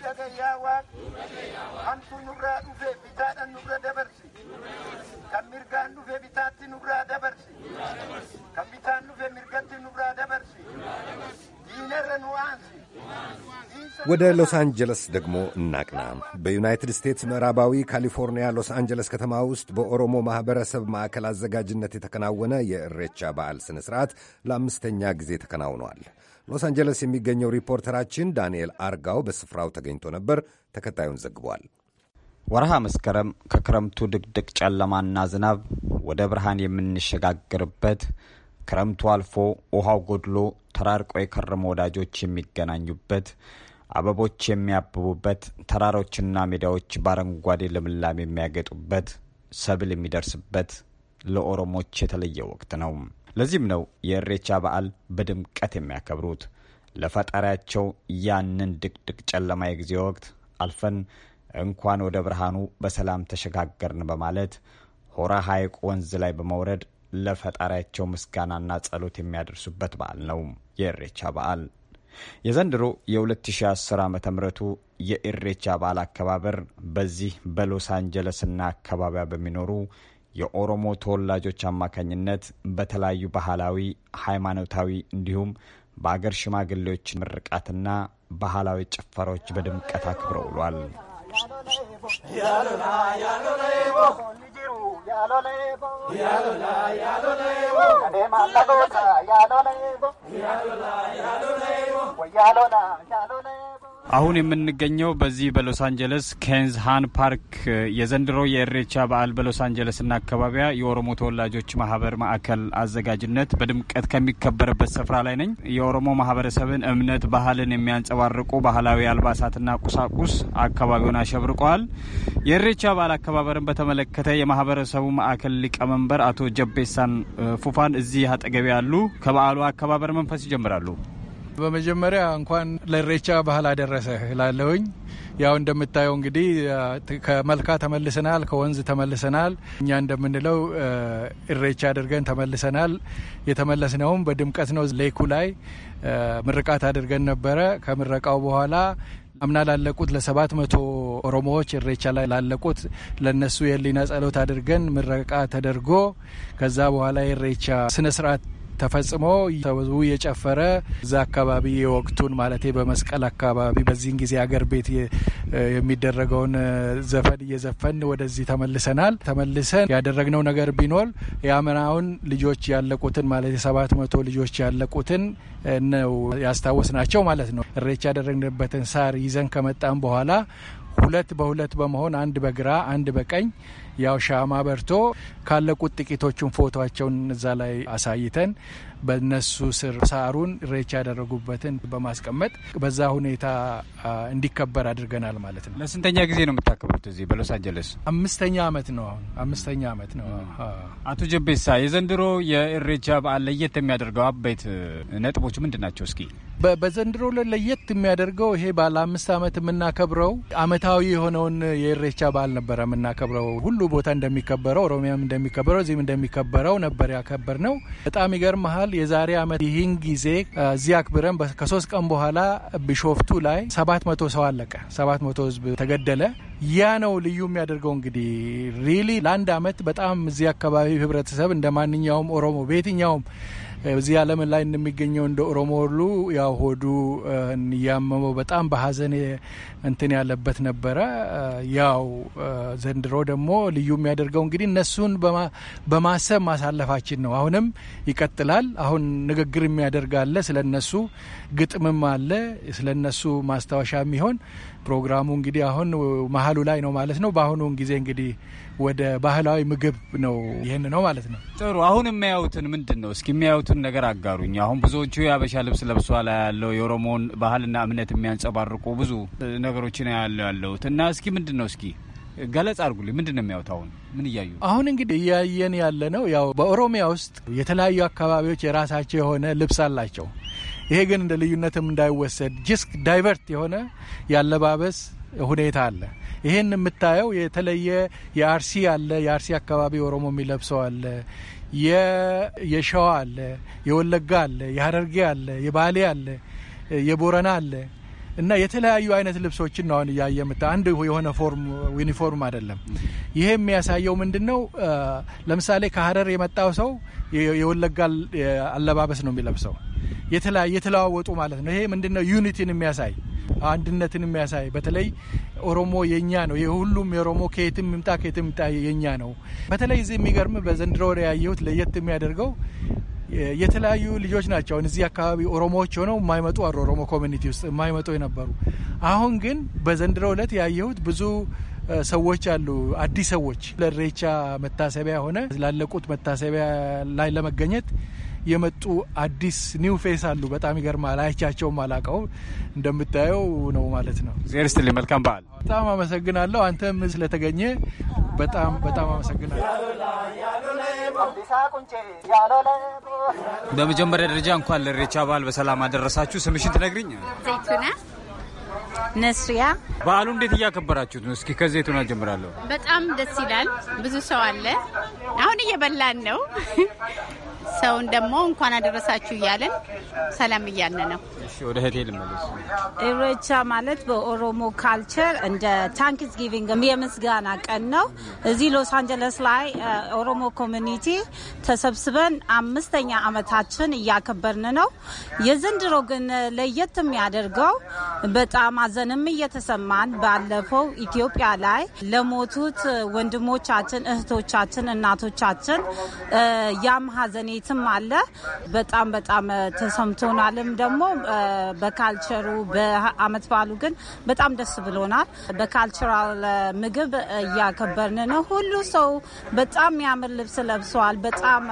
fuudha gayyaa waaqa hamtu nurraa dhufe bitaadhaan nurra dabarsi. Kan mirgaan dhufe bitaatti nurraa dabarsi. Kan bitaan dhufe mirgatti nurraa dabarsi. diinarra nu aansi. ወደ ሎስ አንጀለስ ደግሞ እናቅና። በዩናይትድ ስቴትስ ምዕራባዊ ካሊፎርኒያ ሎስ አንጀለስ ከተማ ውስጥ በኦሮሞ ማኅበረሰብ ማዕከል አዘጋጅነት የተከናወነ የእሬቻ በዓል ሥነ ሥርዓት ለአምስተኛ ጊዜ ተከናውኗል። ሎስ አንጀለስ የሚገኘው ሪፖርተራችን ዳንኤል አርጋው በስፍራው ተገኝቶ ነበር። ተከታዩን ዘግቧል። ወርሃ መስከረም ከክረምቱ ድቅድቅ ጨለማና ዝናብ ወደ ብርሃን የምንሸጋግርበት ክረምቱ አልፎ ውሃው ጎድሎ ተራርቆ የከረሙ ወዳጆች የሚገናኙበት አበቦች የሚያብቡበት ተራሮችና ሜዳዎች በአረንጓዴ ልምላም የሚያገጡበት ሰብል የሚደርስበት ለኦሮሞች የተለየ ወቅት ነው። ለዚህም ነው የእሬቻ በዓል በድምቀት የሚያከብሩት። ለፈጣሪያቸው ያንን ድቅድቅ ጨለማ የጊዜ ወቅት አልፈን እንኳን ወደ ብርሃኑ በሰላም ተሸጋገርን በማለት ሆራ ሐይቅ ወንዝ ላይ በመውረድ ለፈጣሪያቸው ምስጋናና ጸሎት የሚያደርሱበት በዓል ነው የእሬቻ በዓል። የዘንድሮ የ2010 ዓ ምቱ የኢሬቻ በዓል አከባበር በዚህ በሎስ አንጀለስና አካባቢያ በሚኖሩ የኦሮሞ ተወላጆች አማካኝነት በተለያዩ ባህላዊ፣ ሃይማኖታዊ እንዲሁም በአገር ሽማግሌዎች ምርቃትና ባህላዊ ጭፈራዎች በድምቀት አክብረው ውሏል። አሁን የምንገኘው በዚህ በሎስ አንጀለስ ኬንዝ ሃን ፓርክ የዘንድሮ የእሬቻ በዓል በሎስ አንጀለስና አካባቢያ የኦሮሞ ተወላጆች ማህበር ማዕከል አዘጋጅነት በድምቀት ከሚከበርበት ስፍራ ላይ ነኝ። የኦሮሞ ማህበረሰብን እምነት፣ ባህልን የሚያንጸባርቁ ባህላዊ አልባሳትና ቁሳቁስ አካባቢውን አሸብርቀዋል። የእሬቻ በዓል አከባበርን በተመለከተ የማህበረሰቡ ማዕከል ሊቀመንበር አቶ ጀቤሳን ፉፋን እዚህ አጠገቢ ያሉ ከበዓሉ አከባበር መንፈስ ይጀምራሉ። በመጀመሪያ እንኳን ለሬቻ ባህል አደረሰ እላለሁኝ። ያው እንደምታየው እንግዲህ ከመልካ ተመልሰናል፣ ከወንዝ ተመልሰናል። እኛ እንደምንለው እሬቻ አድርገን ተመልሰናል። የተመለስነውም በድምቀት ነው። ሌኩ ላይ ምርቃት አድርገን ነበረ። ከምረቃው በኋላ አምና ላለቁት ለሰባት መቶ ኦሮሞዎች እሬቻ ላይ ላለቁት ለነሱ የሊና ጸሎት አድርገን ምረቃ ተደርጎ ከዛ በኋላ የእሬቻ ስነ ስርዓት ተፈጽሞ ህዝቡ የጨፈረ እዛ አካባቢ የወቅቱን ማለት በመስቀል አካባቢ በዚህን ጊዜ አገር ቤት የሚደረገውን ዘፈን እየዘፈን ወደዚህ ተመልሰናል። ተመልሰን ያደረግነው ነገር ቢኖር የአምናውን ልጆች ያለቁትን ማለት የሰባት መቶ ልጆች ያለቁትን ነው ያስታወስ ናቸው ማለት ነው። እሬቻ ያደረግንበትን ሳር ይዘን ከመጣም በኋላ ሁለት በሁለት በመሆን አንድ በግራ አንድ በቀኝ ያው ሻማ በርቶ ካለቁት ጥቂቶቹን ፎቶቸውን እዛ ላይ አሳይተን በነሱ ስር ሳሩን ሬቻ ያደረጉበትን በማስቀመጥ በዛ ሁኔታ እንዲከበር አድርገናል ማለት ነው። ለስንተኛ ጊዜ ነው የምታከብሩት እዚህ በሎስ አንጀለስ? አምስተኛ አመት ነው አሁን አምስተኛ አመት ነው። አቶ ጀቤሳ የዘንድሮ የእሬቻ በዓል ለየት የሚያደርገው አበይት ነጥቦች ምንድን ናቸው እስኪ? በዘንድሮ ለየት የሚያደርገው ይሄ ባለ አምስት ዓመት የምናከብረው አመታዊ የሆነውን የኢሬቻ በዓል ነበረ የምናከብረው። ሁሉ ቦታ እንደሚከበረው ኦሮሚያም እንደሚከበረው እዚህም እንደሚከበረው ነበር ያከበር ነው። በጣም ይገርመሃል። የዛሬ አመት ይህን ጊዜ እዚህ አክብረን ከሶስት ቀን በኋላ ቢሾፍቱ ላይ ሰባት መቶ ሰው አለቀ። ሰባት መቶ ህዝብ ተገደለ። ያ ነው ልዩ የሚያደርገው እንግዲህ ሪሊ ለአንድ አመት በጣም እዚህ አካባቢ ህብረተሰብ እንደ ማንኛውም ኦሮሞ በየትኛውም እዚህ ዓለም ላይ እንደሚገኘው እንደ ኦሮሞ ሁሉ ያው ሆዱ እያመመው በጣም በሀዘን እንትን ያለበት ነበረ። ያው ዘንድሮ ደግሞ ልዩ የሚያደርገው እንግዲህ እነሱን በማሰብ ማሳለፋችን ነው። አሁንም ይቀጥላል። አሁን ንግግር የሚያደርግ አለ፣ ስለ እነሱ ግጥምም አለ፣ ስለ እነሱ ማስታወሻ የሚሆን ፕሮግራሙ እንግዲህ አሁን መሀሉ ላይ ነው ማለት ነው። በአሁኑ ጊዜ እንግዲህ ወደ ባህላዊ ምግብ ነው። ይህን ነው ማለት ነው። ጥሩ። አሁን የሚያዩትን ምንድን ነው? እስኪ የሚያዩትን ነገር አጋሩኝ። አሁን ብዙዎቹ የአበሻ ልብስ ለብሷል ያለው የኦሮሞን ባህልና እምነት የሚያንጸባርቁ ብዙ ነው ያለው ያለሁት እና እስኪ ምንድን ነው እስኪ ገለጽ አድርጉልኝ። ምንድን ነው የሚያዩት? አሁን ምን እያዩ አሁን እንግዲህ እያየን ያለ ነው። ያው በኦሮሚያ ውስጥ የተለያዩ አካባቢዎች የራሳቸው የሆነ ልብስ አላቸው። ይሄ ግን እንደ ልዩነትም እንዳይወሰድ ጅስክ ዳይቨርት የሆነ ያለባበስ ሁኔታ አለ። ይህን የምታየው የተለየ የአርሲ አለ፣ የአርሲ አካባቢ ኦሮሞ የሚለብሰው አለ፣ የሸዋ አለ፣ የወለጋ አለ፣ የሀረርጌ አለ፣ የባሌ አለ፣ የቦረና አለ እና የተለያዩ አይነት ልብሶችን ነው አሁን እያየ የምታ አንድ የሆነ ፎርም ዩኒፎርም አይደለም። ይሄ የሚያሳየው ምንድን ነው? ለምሳሌ ከሀረር የመጣው ሰው የወለጋ አለባበስ ነው የሚለብሰው። የተለያዩ የተለዋወጡ ማለት ነው። ይሄ ምንድን ነው? ዩኒቲን የሚያሳይ አንድነትን የሚያሳይ በተለይ ኦሮሞ የኛ ነው። የሁሉም የኦሮሞ ከየትም ምምጣ ከየትም ምምጣ የኛ ነው። በተለይ እዚህ የሚገርም በዘንድሮ ወደ ያየሁት ለየት የሚያደርገው የተለያዩ ልጆች ናቸው። አሁን እዚህ አካባቢ ኦሮሞዎች ሆነው የማይመጡ አሉ። ኦሮሞ ኮሚኒቲ ውስጥ የማይመጡ የነበሩ አሁን ግን በዘንድሮ ዕለት ያየሁት ብዙ ሰዎች አሉ። አዲስ ሰዎች ለሬቻ መታሰቢያ ሆነ ላለቁት መታሰቢያ ላይ ለመገኘት የመጡ አዲስ ኒው ፌስ አሉ። በጣም ይገርማል። አይቻቸውም አላቀው እንደምታየው ነው ማለት ነው። ዜርስትል መልካም በዓል። በጣም አመሰግናለሁ። አንተም ስለተገኘ በጣም በጣም አመሰግናለሁ። በመጀመሪያ ደረጃ እንኳን ለሬቻ በዓል በሰላም አደረሳችሁ። ስምሽን ትነግሪኝ? ነስሪያ። በዓሉ እንዴት እያከበራችሁት ነው? እስኪ ከዘይቱና ጀምራለሁ። በጣም ደስ ይላል። ብዙ ሰው አለ። አሁን እየበላን ነው። ሰውን ደግሞ እንኳን አደረሳችሁ እያለን ሰላም እያለ ነው። ወደ እህቴ ልመለስ። ኢሬቻ ማለት በኦሮሞ ካልቸር እንደ ታንክስ ጊቪንግ የምስጋና ቀን ነው። እዚህ ሎስ አንጀለስ ላይ ኦሮሞ ኮሚኒቲ ተሰብስበን አምስተኛ አመታችን እያከበርን ነው። የዘንድሮ ግን ለየት የሚያደርገው በጣም አዘንም እየተሰማን ባለፈው ኢትዮጵያ ላይ ለሞቱት ወንድሞቻችን፣ እህቶቻችን፣ እናቶቻችን ያም ሀዘኔ ውይይትም አለ። በጣም በጣም ተሰምቶናልም ደግሞ በካልቸሩ በአመት በዓሉ ግን በጣም ደስ ብሎናል። በካልቸራል ምግብ እያከበርን ነው። ሁሉ ሰው በጣም የሚያምር ልብስ ለብሰዋል። በጣም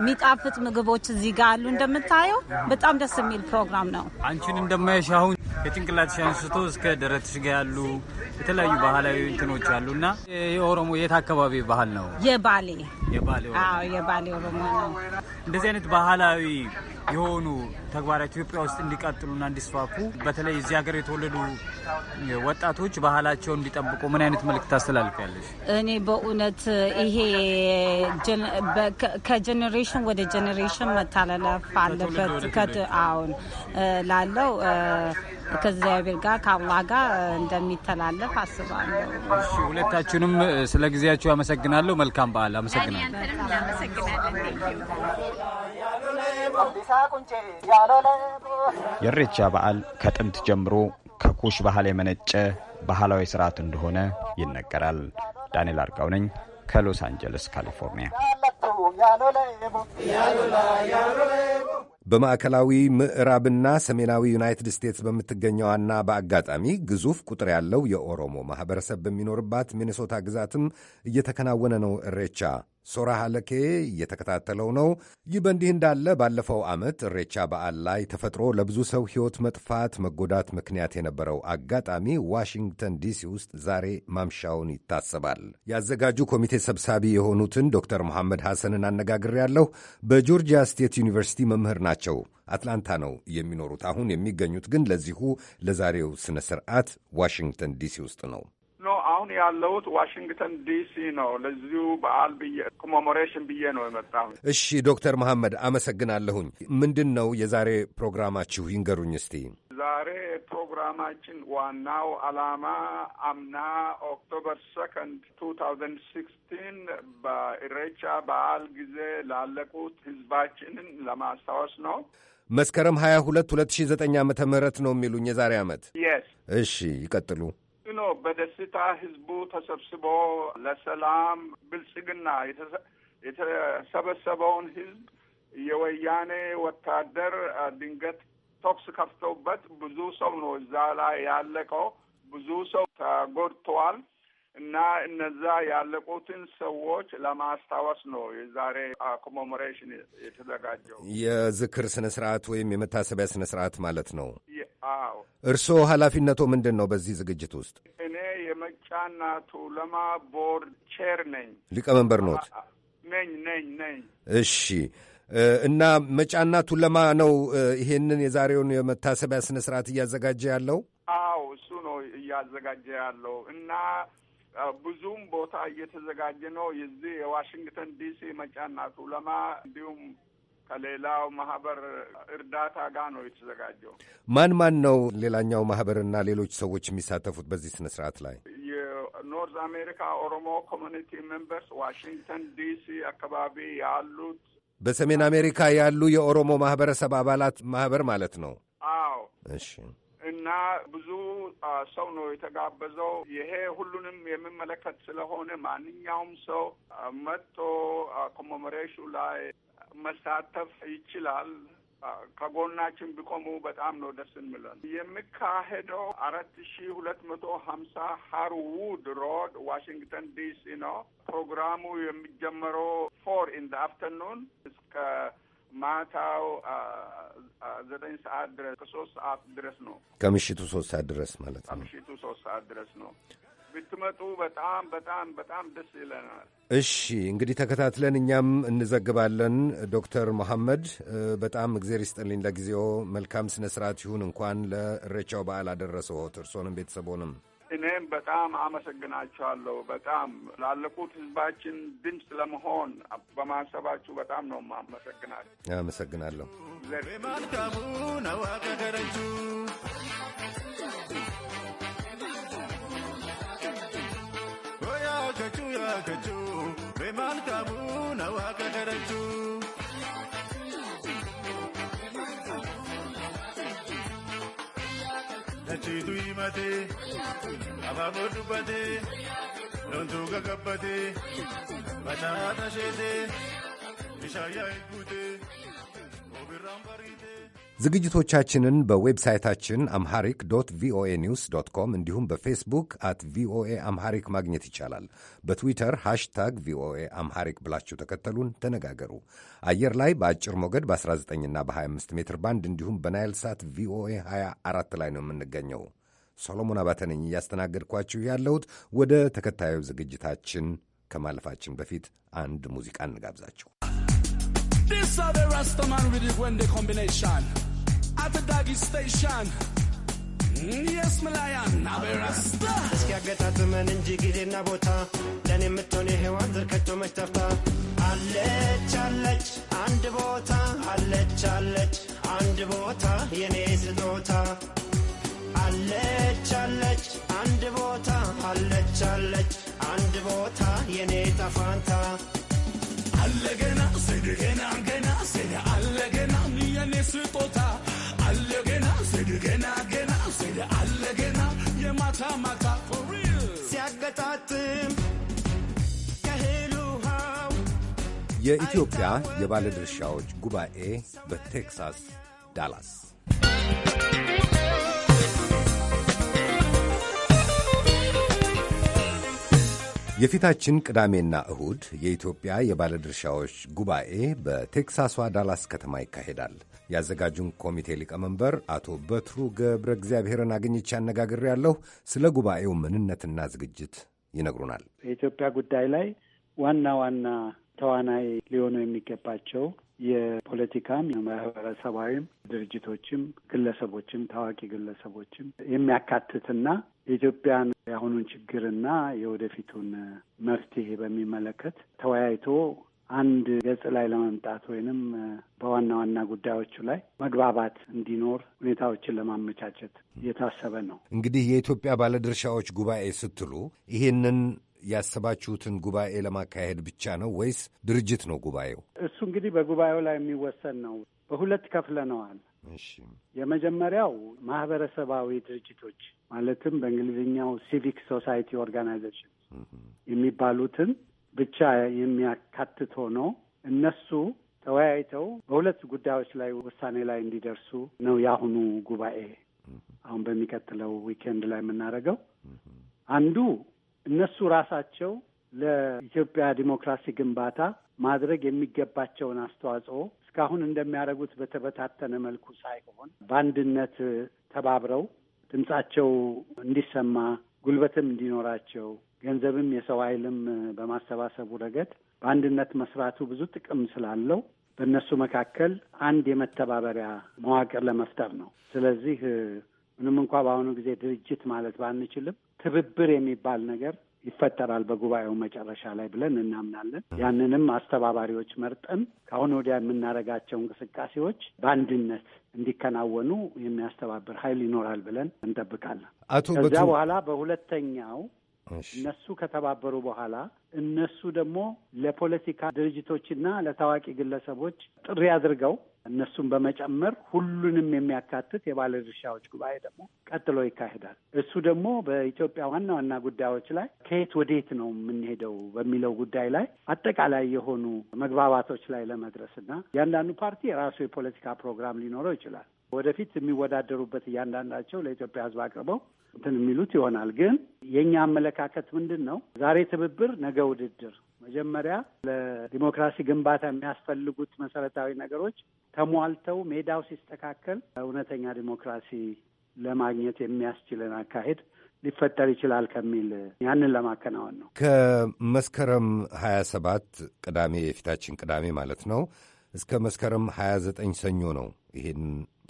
የሚጣፍጥ ምግቦች እዚህ ጋር አሉ። እንደምታየው በጣም ደስ የሚል ፕሮግራም ነው። አንቺን እንደማየሽ አሁን ከጭንቅላትሽ አንስቶ እስከ ደረትሽ ጋር ያሉ የተለያዩ ባህላዊ እንትኖች አሉ እና የኦሮሞ የት አካባቢ ባህል ነው? የባሌ የባሌ ኦሮሞ ነው። እንደዚህ አይነት ባህላዊ የሆኑ ተግባራት ኢትዮጵያ ውስጥ እንዲቀጥሉና እንዲስፋፉ በተለይ እዚህ ሀገር የተወለዱ ወጣቶች ባህላቸውን እንዲጠብቁ ምን አይነት መልእክት ታስተላልፊያለሽ? እኔ በእውነት ይሄ ከጀኔሬሽን ወደ ጀኔሬሽን መተላለፍ አለበት። አሁን ላለው ከእግዚአብሔር ጋር ከአላ ጋር እንደሚተላለፍ አስባለሁ። ሁለታችሁንም ስለ ጊዜያችሁ አመሰግናለሁ። መልካም በዓል። አመሰግናለሁ። የእሬቻ በዓል ከጥንት ጀምሮ ከኩሽ ባህል የመነጨ ባህላዊ ስርዓት እንደሆነ ይነገራል። ዳንኤል አርጋው ነኝ ከሎስ አንጀለስ ካሊፎርኒያ። በማዕከላዊ ምዕራብና ሰሜናዊ ዩናይትድ ስቴትስ በምትገኘዋና በአጋጣሚ ግዙፍ ቁጥር ያለው የኦሮሞ ማህበረሰብ በሚኖርባት ሚኔሶታ ግዛትም እየተከናወነ ነው እሬቻ ሶራ ሀለኬ እየተከታተለው ነው። ይህ በእንዲህ እንዳለ ባለፈው ዓመት እሬቻ በዓል ላይ ተፈጥሮ ለብዙ ሰው ሕይወት መጥፋት፣ መጎዳት ምክንያት የነበረው አጋጣሚ ዋሽንግተን ዲሲ ውስጥ ዛሬ ማምሻውን ይታሰባል። የአዘጋጁ ኮሚቴ ሰብሳቢ የሆኑትን ዶክተር መሐመድ ሐሰንን አነጋግሬያለሁ። በጆርጂያ ስቴት ዩኒቨርሲቲ መምህር ናቸው። አትላንታ ነው የሚኖሩት። አሁን የሚገኙት ግን ለዚሁ ለዛሬው ስነ ስርዓት ዋሽንግተን ዲሲ ውስጥ ነው። አሁን ያለሁት ዋሽንግተን ዲሲ ነው። ለዚሁ በዓል ብዬ ኮሜሞሬሽን ብዬ ነው የመጣሁት። እሺ ዶክተር መሐመድ አመሰግናለሁኝ። ምንድን ነው የዛሬ ፕሮግራማችሁ? ይንገሩኝ እስቲ። ዛሬ ፕሮግራማችን ዋናው ዓላማ አምና ኦክቶበር ሰከንድ ቱ ታውዘንድ ሲክስቲን በኢሬቻ በዓል ጊዜ ላለቁት ህዝባችንን ለማስታወስ ነው። መስከረም 22 ሁለት ዓ ም ነው የሚሉኝ የዛሬ ዓመት። የስ እሺ፣ ይቀጥሉ። ነው በደስታ ህዝቡ ተሰብስቦ ለሰላም ብልጽግና የተሰበሰበውን ህዝብ የወያኔ ወታደር ድንገት ተኩስ ከፍተውበት ብዙ ሰው ነው እዛ ላይ ያለቀው። ብዙ ሰው ተጎድተዋል። እና እነዛ ያለቁትን ሰዎች ለማስታወስ ነው የዛሬ ኮሜሞሬሽን የተዘጋጀው የዝክር ስነ ስርዓት ወይም የመታሰቢያ ስነ ስርዓት ማለት ነው። አዎ። እርስዎ ኃላፊነቶ ምንድን ነው በዚህ ዝግጅት ውስጥ? እኔ የመጫና ቱለማ ቦርድ ቼር ነኝ። ሊቀመንበር ኖት? ነኝ ነኝ ነኝ። እሺ። እና መጫና ቱለማ ነው ይሄንን የዛሬውን የመታሰቢያ ስነ ስርዓት እያዘጋጀ ያለው? አዎ፣ እሱ ነው እያዘጋጀ ያለው እና ብዙም ቦታ እየተዘጋጀ ነው። የዚህ የዋሽንግተን ዲሲ መጫናቱ ለማ እንዲሁም ከሌላው ማህበር እርዳታ ጋር ነው የተዘጋጀው። ማን ማን ነው ሌላኛው ማህበርና ሌሎች ሰዎች የሚሳተፉት በዚህ ስነ ስርዓት ላይ? የኖርዝ አሜሪካ ኦሮሞ ኮሚኒቲ ሜምበርስ ዋሽንግተን ዲሲ አካባቢ ያሉት፣ በሰሜን አሜሪካ ያሉ የኦሮሞ ማህበረሰብ አባላት ማህበር ማለት ነው። አዎ እሺ። እና ብዙ ሰው ነው የተጋበዘው። ይሄ ሁሉንም የሚመለከት ስለሆነ ማንኛውም ሰው መጥቶ ኮሜሞሬሽኑ ላይ መሳተፍ ይችላል። ከጎናችን ቢቆሙ በጣም ነው ደስ እንምለን። የሚካሄደው አራት ሺ ሁለት መቶ ሀምሳ ሃርውድ ሮድ ዋሽንግተን ዲሲ ነው። ፕሮግራሙ የሚጀመረው ፎር ኢን ደ አፍተርኑን እስከ ማታው ዘጠኝ ሰዓት ድረስ ከሶስት ሰዓት ድረስ ነው። ከምሽቱ ሶስት ሰዓት ድረስ ማለት ነው። ከምሽቱ ሶስት ሰዓት ድረስ ነው። ብትመጡ በጣም በጣም በጣም ደስ ይለናል። እሺ እንግዲህ ተከታትለን እኛም እንዘግባለን። ዶክተር መሐመድ በጣም እግዜር ይስጥልኝ ለጊዜው። መልካም ስነ ስርዓት ይሁን። እንኳን ለእሬቻው በዓል አደረሰዎት እርስዎንም ቤተሰቦንም እኔም በጣም አመሰግናቸዋለሁ። በጣም ላለቁት ህዝባችን ድምፅ ለመሆን በማሰባችሁ በጣም ነው አመሰግናለሁ። አመሰግናለሁ። ማልካሙ ያከቹ ያከቹ ቤማልካቡ ነዋቀደረቹ baatee abaaboo dubbatee loltuu gaggabbatee bataata sheetee bishaan yaa'ee guutee obirraan bariitee. ዝግጅቶቻችንን በዌብሳይታችን አምሃሪክ ዶት ቪኦኤ ኒውስ ዶት ኮም እንዲሁም በፌስቡክ አት ቪኦኤ አምሃሪክ ማግኘት ይቻላል። በትዊተር ሃሽታግ ቪኦኤ አምሃሪክ ብላችሁ ተከተሉን፣ ተነጋገሩ። አየር ላይ በአጭር ሞገድ በ19ና በ25 ሜትር ባንድ እንዲሁም በናይል ሳት ቪኦኤ 24 ላይ ነው የምንገኘው። ሰሎሞን አባተነኝ ነኝ እያስተናገድኳችሁ ያለሁት። ወደ ተከታዩ ዝግጅታችን ከማለፋችን በፊት አንድ ሙዚቃ እንጋብዛችሁ። እስኪ አገጣጥመን እንጂ ጊዜና ቦታ ለእኔ የምትሆን የሔዋን ዝርከቶ መችተፍታ አለች አለች አንድ ቦታ አለች አለች አንድ ቦታ የኔ ስጦታ አለች አለች አንድ ቦታ አለች አለች አንድ ቦታ የኔ ጠፋንታ አለ ገና ስድገና ገና ስድ አለ ገና የኔ ስጦታ አለ ገና ስድገና ገና ስድ አለ ገና የማታ ማታ ሲያገጣጥም የኢትዮጵያ የባለድርሻዎች ጉባኤ በቴክሳስ ዳላስ የፊታችን ቅዳሜና እሁድ የኢትዮጵያ የባለድርሻዎች ጉባኤ በቴክሳሷ ዳላስ ከተማ ይካሄዳል። ያዘጋጁን ኮሚቴ ሊቀመንበር አቶ በትሩ ገብረ እግዚአብሔርን አግኝቼ ያለሁ ስለ ጉባኤው ምንነትና ዝግጅት ይነግሩናል። የኢትዮጵያ ጉዳይ ላይ ዋና ዋና ተዋናይ ሊሆኑ የሚገባቸው የፖለቲካም የማህበረሰባዊም ድርጅቶችም ግለሰቦችም ታዋቂ ግለሰቦችም የሚያካትትና የኢትዮጵያን የአሁኑን ችግርና የወደፊቱን መፍትሄ በሚመለከት ተወያይቶ አንድ ገጽ ላይ ለመምጣት ወይንም በዋና ዋና ጉዳዮቹ ላይ መግባባት እንዲኖር ሁኔታዎችን ለማመቻቸት እየታሰበ ነው። እንግዲህ የኢትዮጵያ ባለድርሻዎች ጉባኤ ስትሉ ይህንን ያሰባችሁትን ጉባኤ ለማካሄድ ብቻ ነው ወይስ ድርጅት ነው ጉባኤው? እሱ እንግዲህ በጉባኤው ላይ የሚወሰን ነው። በሁለት ከፍለነዋል። የመጀመሪያው ማህበረሰባዊ ድርጅቶች ማለትም በእንግሊዝኛው ሲቪክ ሶሳይቲ ኦርጋናይዜሽን የሚባሉትን ብቻ የሚያካትት ሆኖ እነሱ ተወያይተው በሁለት ጉዳዮች ላይ ውሳኔ ላይ እንዲደርሱ ነው የአሁኑ ጉባኤ አሁን በሚቀጥለው ዊኬንድ ላይ የምናደርገው። አንዱ እነሱ ራሳቸው ለኢትዮጵያ ዲሞክራሲ ግንባታ ማድረግ የሚገባቸውን አስተዋጽኦ እስካሁን እንደሚያደርጉት በተበታተነ መልኩ ሳይሆን በአንድነት ተባብረው ድምጻቸው እንዲሰማ ጉልበትም እንዲኖራቸው ገንዘብም የሰው ኃይልም በማሰባሰቡ ረገድ በአንድነት መስራቱ ብዙ ጥቅም ስላለው በእነሱ መካከል አንድ የመተባበሪያ መዋቅር ለመፍጠር ነው። ስለዚህ ምንም እንኳ በአሁኑ ጊዜ ድርጅት ማለት ባንችልም ትብብር የሚባል ነገር ይፈጠራል በጉባኤው መጨረሻ ላይ ብለን እናምናለን። ያንንም አስተባባሪዎች መርጠን ከአሁን ወዲያ የምናደርጋቸው እንቅስቃሴዎች በአንድነት እንዲከናወኑ የሚያስተባብር ኃይል ይኖራል ብለን እንጠብቃለን። ከዚያ በኋላ በሁለተኛው እነሱ ከተባበሩ በኋላ እነሱ ደግሞ ለፖለቲካ ድርጅቶችና ለታዋቂ ግለሰቦች ጥሪ አድርገው እነሱን በመጨመር ሁሉንም የሚያካትት የባለድርሻዎች ጉባኤ ደግሞ ቀጥሎ ይካሄዳል። እሱ ደግሞ በኢትዮጵያ ዋና ዋና ጉዳዮች ላይ ከየት ወዴት ነው የምንሄደው በሚለው ጉዳይ ላይ አጠቃላይ የሆኑ መግባባቶች ላይ ለመድረስ እና እያንዳንዱ ፓርቲ የራሱ የፖለቲካ ፕሮግራም ሊኖረው ይችላል። ወደፊት የሚወዳደሩበት እያንዳንዳቸው ለኢትዮጵያ ሕዝብ አቅርበው እንትን የሚሉት ይሆናል። ግን የእኛ አመለካከት ምንድን ነው? ዛሬ ትብብር፣ ነገ ውድድር። መጀመሪያ ለዲሞክራሲ ግንባታ የሚያስፈልጉት መሰረታዊ ነገሮች ተሟልተው ሜዳው ሲስተካከል እውነተኛ ዲሞክራሲ ለማግኘት የሚያስችልን አካሄድ ሊፈጠር ይችላል ከሚል ያንን ለማከናወን ነው። ከመስከረም ሀያ ሰባት ቅዳሜ የፊታችን ቅዳሜ ማለት ነው እስከ መስከረም ሀያ ዘጠኝ ሰኞ ነው ይሄን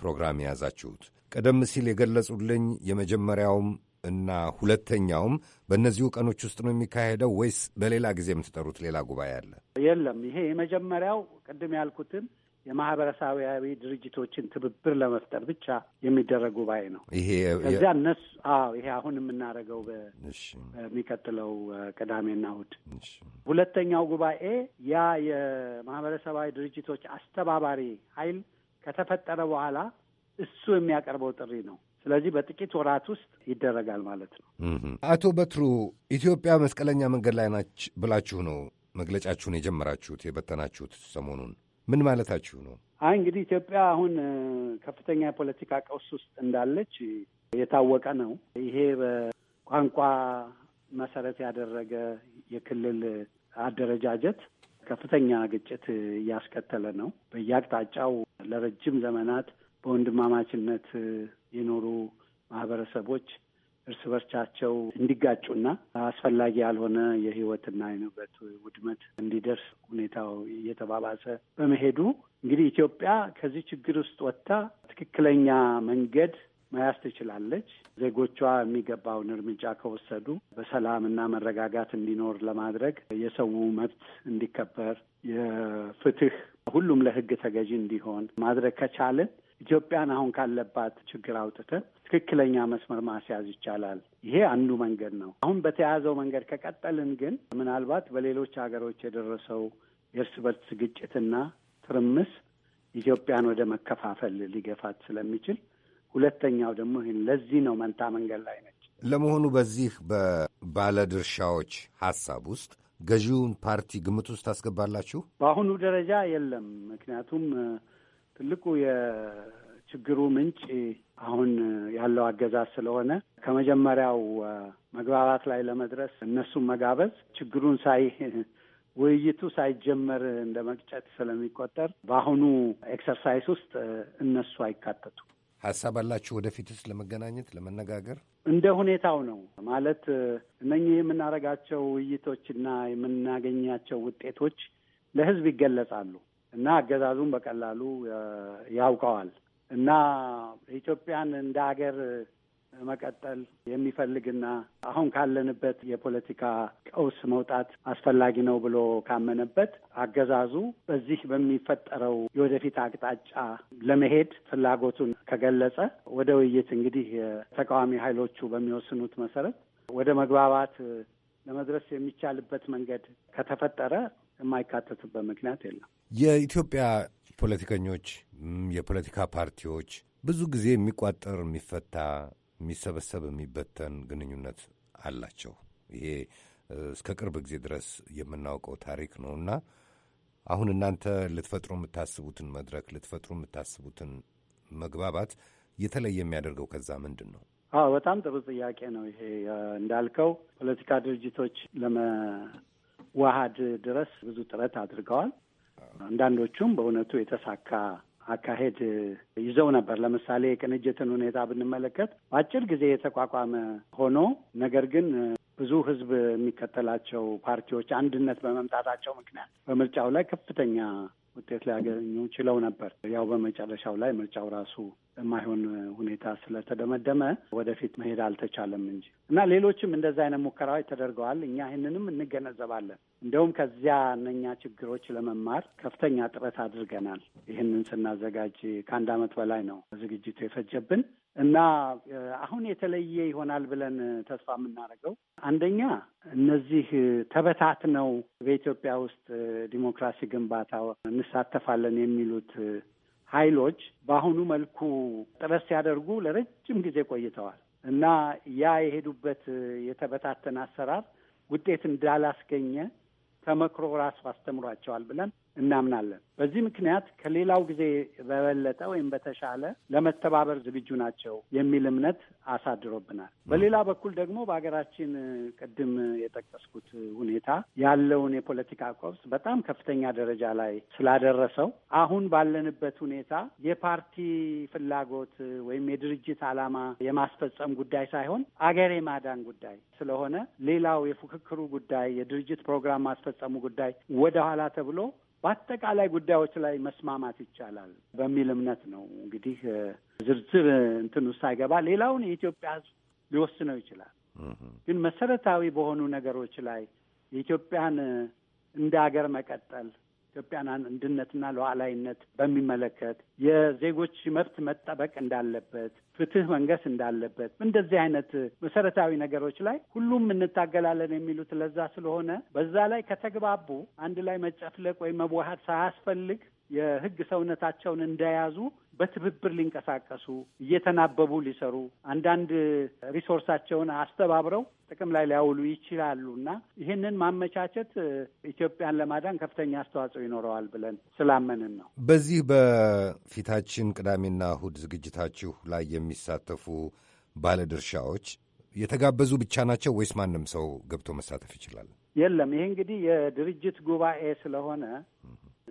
ፕሮግራም የያዛችሁት? ቀደም ሲል የገለጹልኝ የመጀመሪያውም እና ሁለተኛውም በእነዚሁ ቀኖች ውስጥ ነው የሚካሄደው ወይስ በሌላ ጊዜ የምትጠሩት ሌላ ጉባኤ አለ? የለም፣ ይሄ የመጀመሪያው ቅድም ያልኩትን የማህበረሰባዊ ድርጅቶችን ትብብር ለመፍጠር ብቻ የሚደረግ ጉባኤ ነው። ይሄ ከዚያ እነሱ ይሄ አሁን የምናደርገው በሚቀጥለው ቅዳሜና እሑድ። ሁለተኛው ጉባኤ ያ የማህበረሰባዊ ድርጅቶች አስተባባሪ ኃይል ከተፈጠረ በኋላ እሱ የሚያቀርበው ጥሪ ነው። ስለዚህ በጥቂት ወራት ውስጥ ይደረጋል ማለት ነው። አቶ በትሩ ኢትዮጵያ መስቀለኛ መንገድ ላይ ናች ብላችሁ ነው መግለጫችሁን የጀመራችሁት የበተናችሁት ሰሞኑን ምን ማለታችሁ ነው? አይ እንግዲህ ኢትዮጵያ አሁን ከፍተኛ የፖለቲካ ቀውስ ውስጥ እንዳለች የታወቀ ነው። ይሄ በቋንቋ መሰረት ያደረገ የክልል አደረጃጀት ከፍተኛ ግጭት እያስከተለ ነው። በየአቅጣጫው ለረጅም ዘመናት በወንድማማችነት የኖሩ ማህበረሰቦች እርስ በርቻቸው እንዲጋጩና አስፈላጊ ያልሆነ የህይወትና የንብረት ውድመት እንዲደርስ ሁኔታው እየተባባሰ በመሄዱ እንግዲህ ኢትዮጵያ ከዚህ ችግር ውስጥ ወጥታ ትክክለኛ መንገድ መያዝ ትችላለች። ዜጎቿ የሚገባውን እርምጃ ከወሰዱ በሰላምና መረጋጋት እንዲኖር ለማድረግ የሰው መብት እንዲከበር፣ የፍትህ ሁሉም ለህግ ተገዢ እንዲሆን ማድረግ ከቻልን ኢትዮጵያን አሁን ካለባት ችግር አውጥተን ትክክለኛ መስመር ማስያዝ ይቻላል። ይሄ አንዱ መንገድ ነው። አሁን በተያዘው መንገድ ከቀጠልን ግን ምናልባት በሌሎች ሀገሮች የደረሰው የእርስ በርስ ግጭትና ትርምስ ኢትዮጵያን ወደ መከፋፈል ሊገፋት ስለሚችል ሁለተኛው ደግሞ ይህን ለዚህ ነው መንታ መንገድ ላይ ነች። ለመሆኑ በዚህ በባለድርሻዎች ሀሳብ ውስጥ ገዢውን ፓርቲ ግምት ውስጥ ታስገባላችሁ? በአሁኑ ደረጃ የለም። ምክንያቱም ትልቁ የችግሩ ምንጭ አሁን ያለው አገዛዝ ስለሆነ ከመጀመሪያው መግባባት ላይ ለመድረስ እነሱን መጋበዝ ችግሩን ሳይ ውይይቱ ሳይጀመር እንደ መቅጨት ስለሚቆጠር በአሁኑ ኤክሰርሳይዝ ውስጥ እነሱ አይካተቱም። ሀሳብ አላችሁ ወደፊትስ ለመገናኘት ለመነጋገር? እንደ ሁኔታው ነው ማለት እነኚህ የምናደርጋቸው ውይይቶችና የምናገኛቸው ውጤቶች ለህዝብ ይገለጻሉ እና አገዛዙም በቀላሉ ያውቀዋል እና ኢትዮጵያን እንደ ሀገር መቀጠል የሚፈልግና አሁን ካለንበት የፖለቲካ ቀውስ መውጣት አስፈላጊ ነው ብሎ ካመነበት አገዛዙ በዚህ በሚፈጠረው የወደፊት አቅጣጫ ለመሄድ ፍላጎቱን ከገለጸ ወደ ውይይት እንግዲህ ተቃዋሚ ኃይሎቹ በሚወስኑት መሰረት ወደ መግባባት ለመድረስ የሚቻልበት መንገድ ከተፈጠረ የማይካተትበት ምክንያት የለም። የኢትዮጵያ ፖለቲከኞች፣ የፖለቲካ ፓርቲዎች ብዙ ጊዜ የሚቋጠር የሚፈታ የሚሰበሰብ የሚበተን ግንኙነት አላቸው። ይሄ እስከ ቅርብ ጊዜ ድረስ የምናውቀው ታሪክ ነው እና አሁን እናንተ ልትፈጥሩ የምታስቡትን መድረክ ልትፈጥሩ የምታስቡትን መግባባት የተለየ የሚያደርገው ከዛ ምንድን ነው? አዎ በጣም ጥሩ ጥያቄ ነው። ይሄ እንዳልከው ፖለቲካ ድርጅቶች ለመዋሃድ ድረስ ብዙ ጥረት አድርገዋል። አንዳንዶቹም በእውነቱ የተሳካ አካሄድ ይዘው ነበር። ለምሳሌ የቅንጅትን ሁኔታ ብንመለከት በአጭር ጊዜ የተቋቋመ ሆኖ ነገር ግን ብዙ ህዝብ የሚከተላቸው ፓርቲዎች አንድነት በመምጣታቸው ምክንያት በምርጫው ላይ ከፍተኛ ውጤት ሊያገኙ ችለው ነበር። ያው በመጨረሻው ላይ ምርጫው ራሱ በማይሆን ሁኔታ ስለተደመደመ ወደፊት መሄድ አልተቻለም እንጂ እና ሌሎችም እንደዚህ አይነት ሙከራዎች ተደርገዋል። እኛ ይህንንም እንገነዘባለን። እንደውም ከዚያ እነኛ ችግሮች ለመማር ከፍተኛ ጥረት አድርገናል። ይህንን ስናዘጋጅ ከአንድ ዓመት በላይ ነው ዝግጅቱ የፈጀብን እና አሁን የተለየ ይሆናል ብለን ተስፋ የምናደርገው አንደኛ እነዚህ ተበታትነው በኢትዮጵያ ውስጥ ዲሞክራሲ ግንባታ እንሳተፋለን የሚሉት ኃይሎች በአሁኑ መልኩ ጥረት ሲያደርጉ ለረጅም ጊዜ ቆይተዋል እና ያ የሄዱበት የተበታተነ አሰራር ውጤት እንዳላስገኘ ተመክሮ ራሱ አስተምሯቸዋል ብለን እናምናለን። በዚህ ምክንያት ከሌላው ጊዜ በበለጠ ወይም በተሻለ ለመተባበር ዝግጁ ናቸው የሚል እምነት አሳድሮብናል። በሌላ በኩል ደግሞ በሀገራችን ቅድም የጠቀስኩት ሁኔታ ያለውን የፖለቲካ ቀውስ በጣም ከፍተኛ ደረጃ ላይ ስላደረሰው አሁን ባለንበት ሁኔታ የፓርቲ ፍላጎት ወይም የድርጅት ዓላማ የማስፈጸም ጉዳይ ሳይሆን አገር ማዳን ጉዳይ ስለሆነ ሌላው የፉክክሩ ጉዳይ የድርጅት ፕሮግራም ማስፈጸሙ ጉዳይ ወደኋላ ተብሎ በአጠቃላይ ጉዳዮች ላይ መስማማት ይቻላል በሚል እምነት ነው። እንግዲህ ዝርዝር እንትን ውስጥ ሳይገባ ሌላውን የኢትዮጵያ ሕዝብ ሊወስነው ይችላል። ግን መሰረታዊ በሆኑ ነገሮች ላይ የኢትዮጵያን እንደ ሀገር መቀጠል ኢትዮጵያን አንድነትና ሉዓላዊነት በሚመለከት የዜጎች መብት መጠበቅ እንዳለበት፣ ፍትህ መንገስ እንዳለበት እንደዚህ አይነት መሰረታዊ ነገሮች ላይ ሁሉም እንታገላለን የሚሉት ለዛ ስለሆነ በዛ ላይ ከተግባቡ አንድ ላይ መጨፍለቅ ወይም መዋሀድ ሳያስፈልግ የህግ ሰውነታቸውን እንደያዙ በትብብር ሊንቀሳቀሱ እየተናበቡ ሊሰሩ አንዳንድ ሪሶርሳቸውን አስተባብረው ጥቅም ላይ ሊያውሉ ይችላሉ እና ይህንን ማመቻቸት ኢትዮጵያን ለማዳን ከፍተኛ አስተዋጽኦ ይኖረዋል ብለን ስላመንን ነው። በዚህ በፊታችን ቅዳሜና እሁድ ዝግጅታችሁ ላይ የሚሳተፉ ባለድርሻዎች የተጋበዙ ብቻ ናቸው ወይስ ማንም ሰው ገብቶ መሳተፍ ይችላል? የለም። ይሄ እንግዲህ የድርጅት ጉባኤ ስለሆነ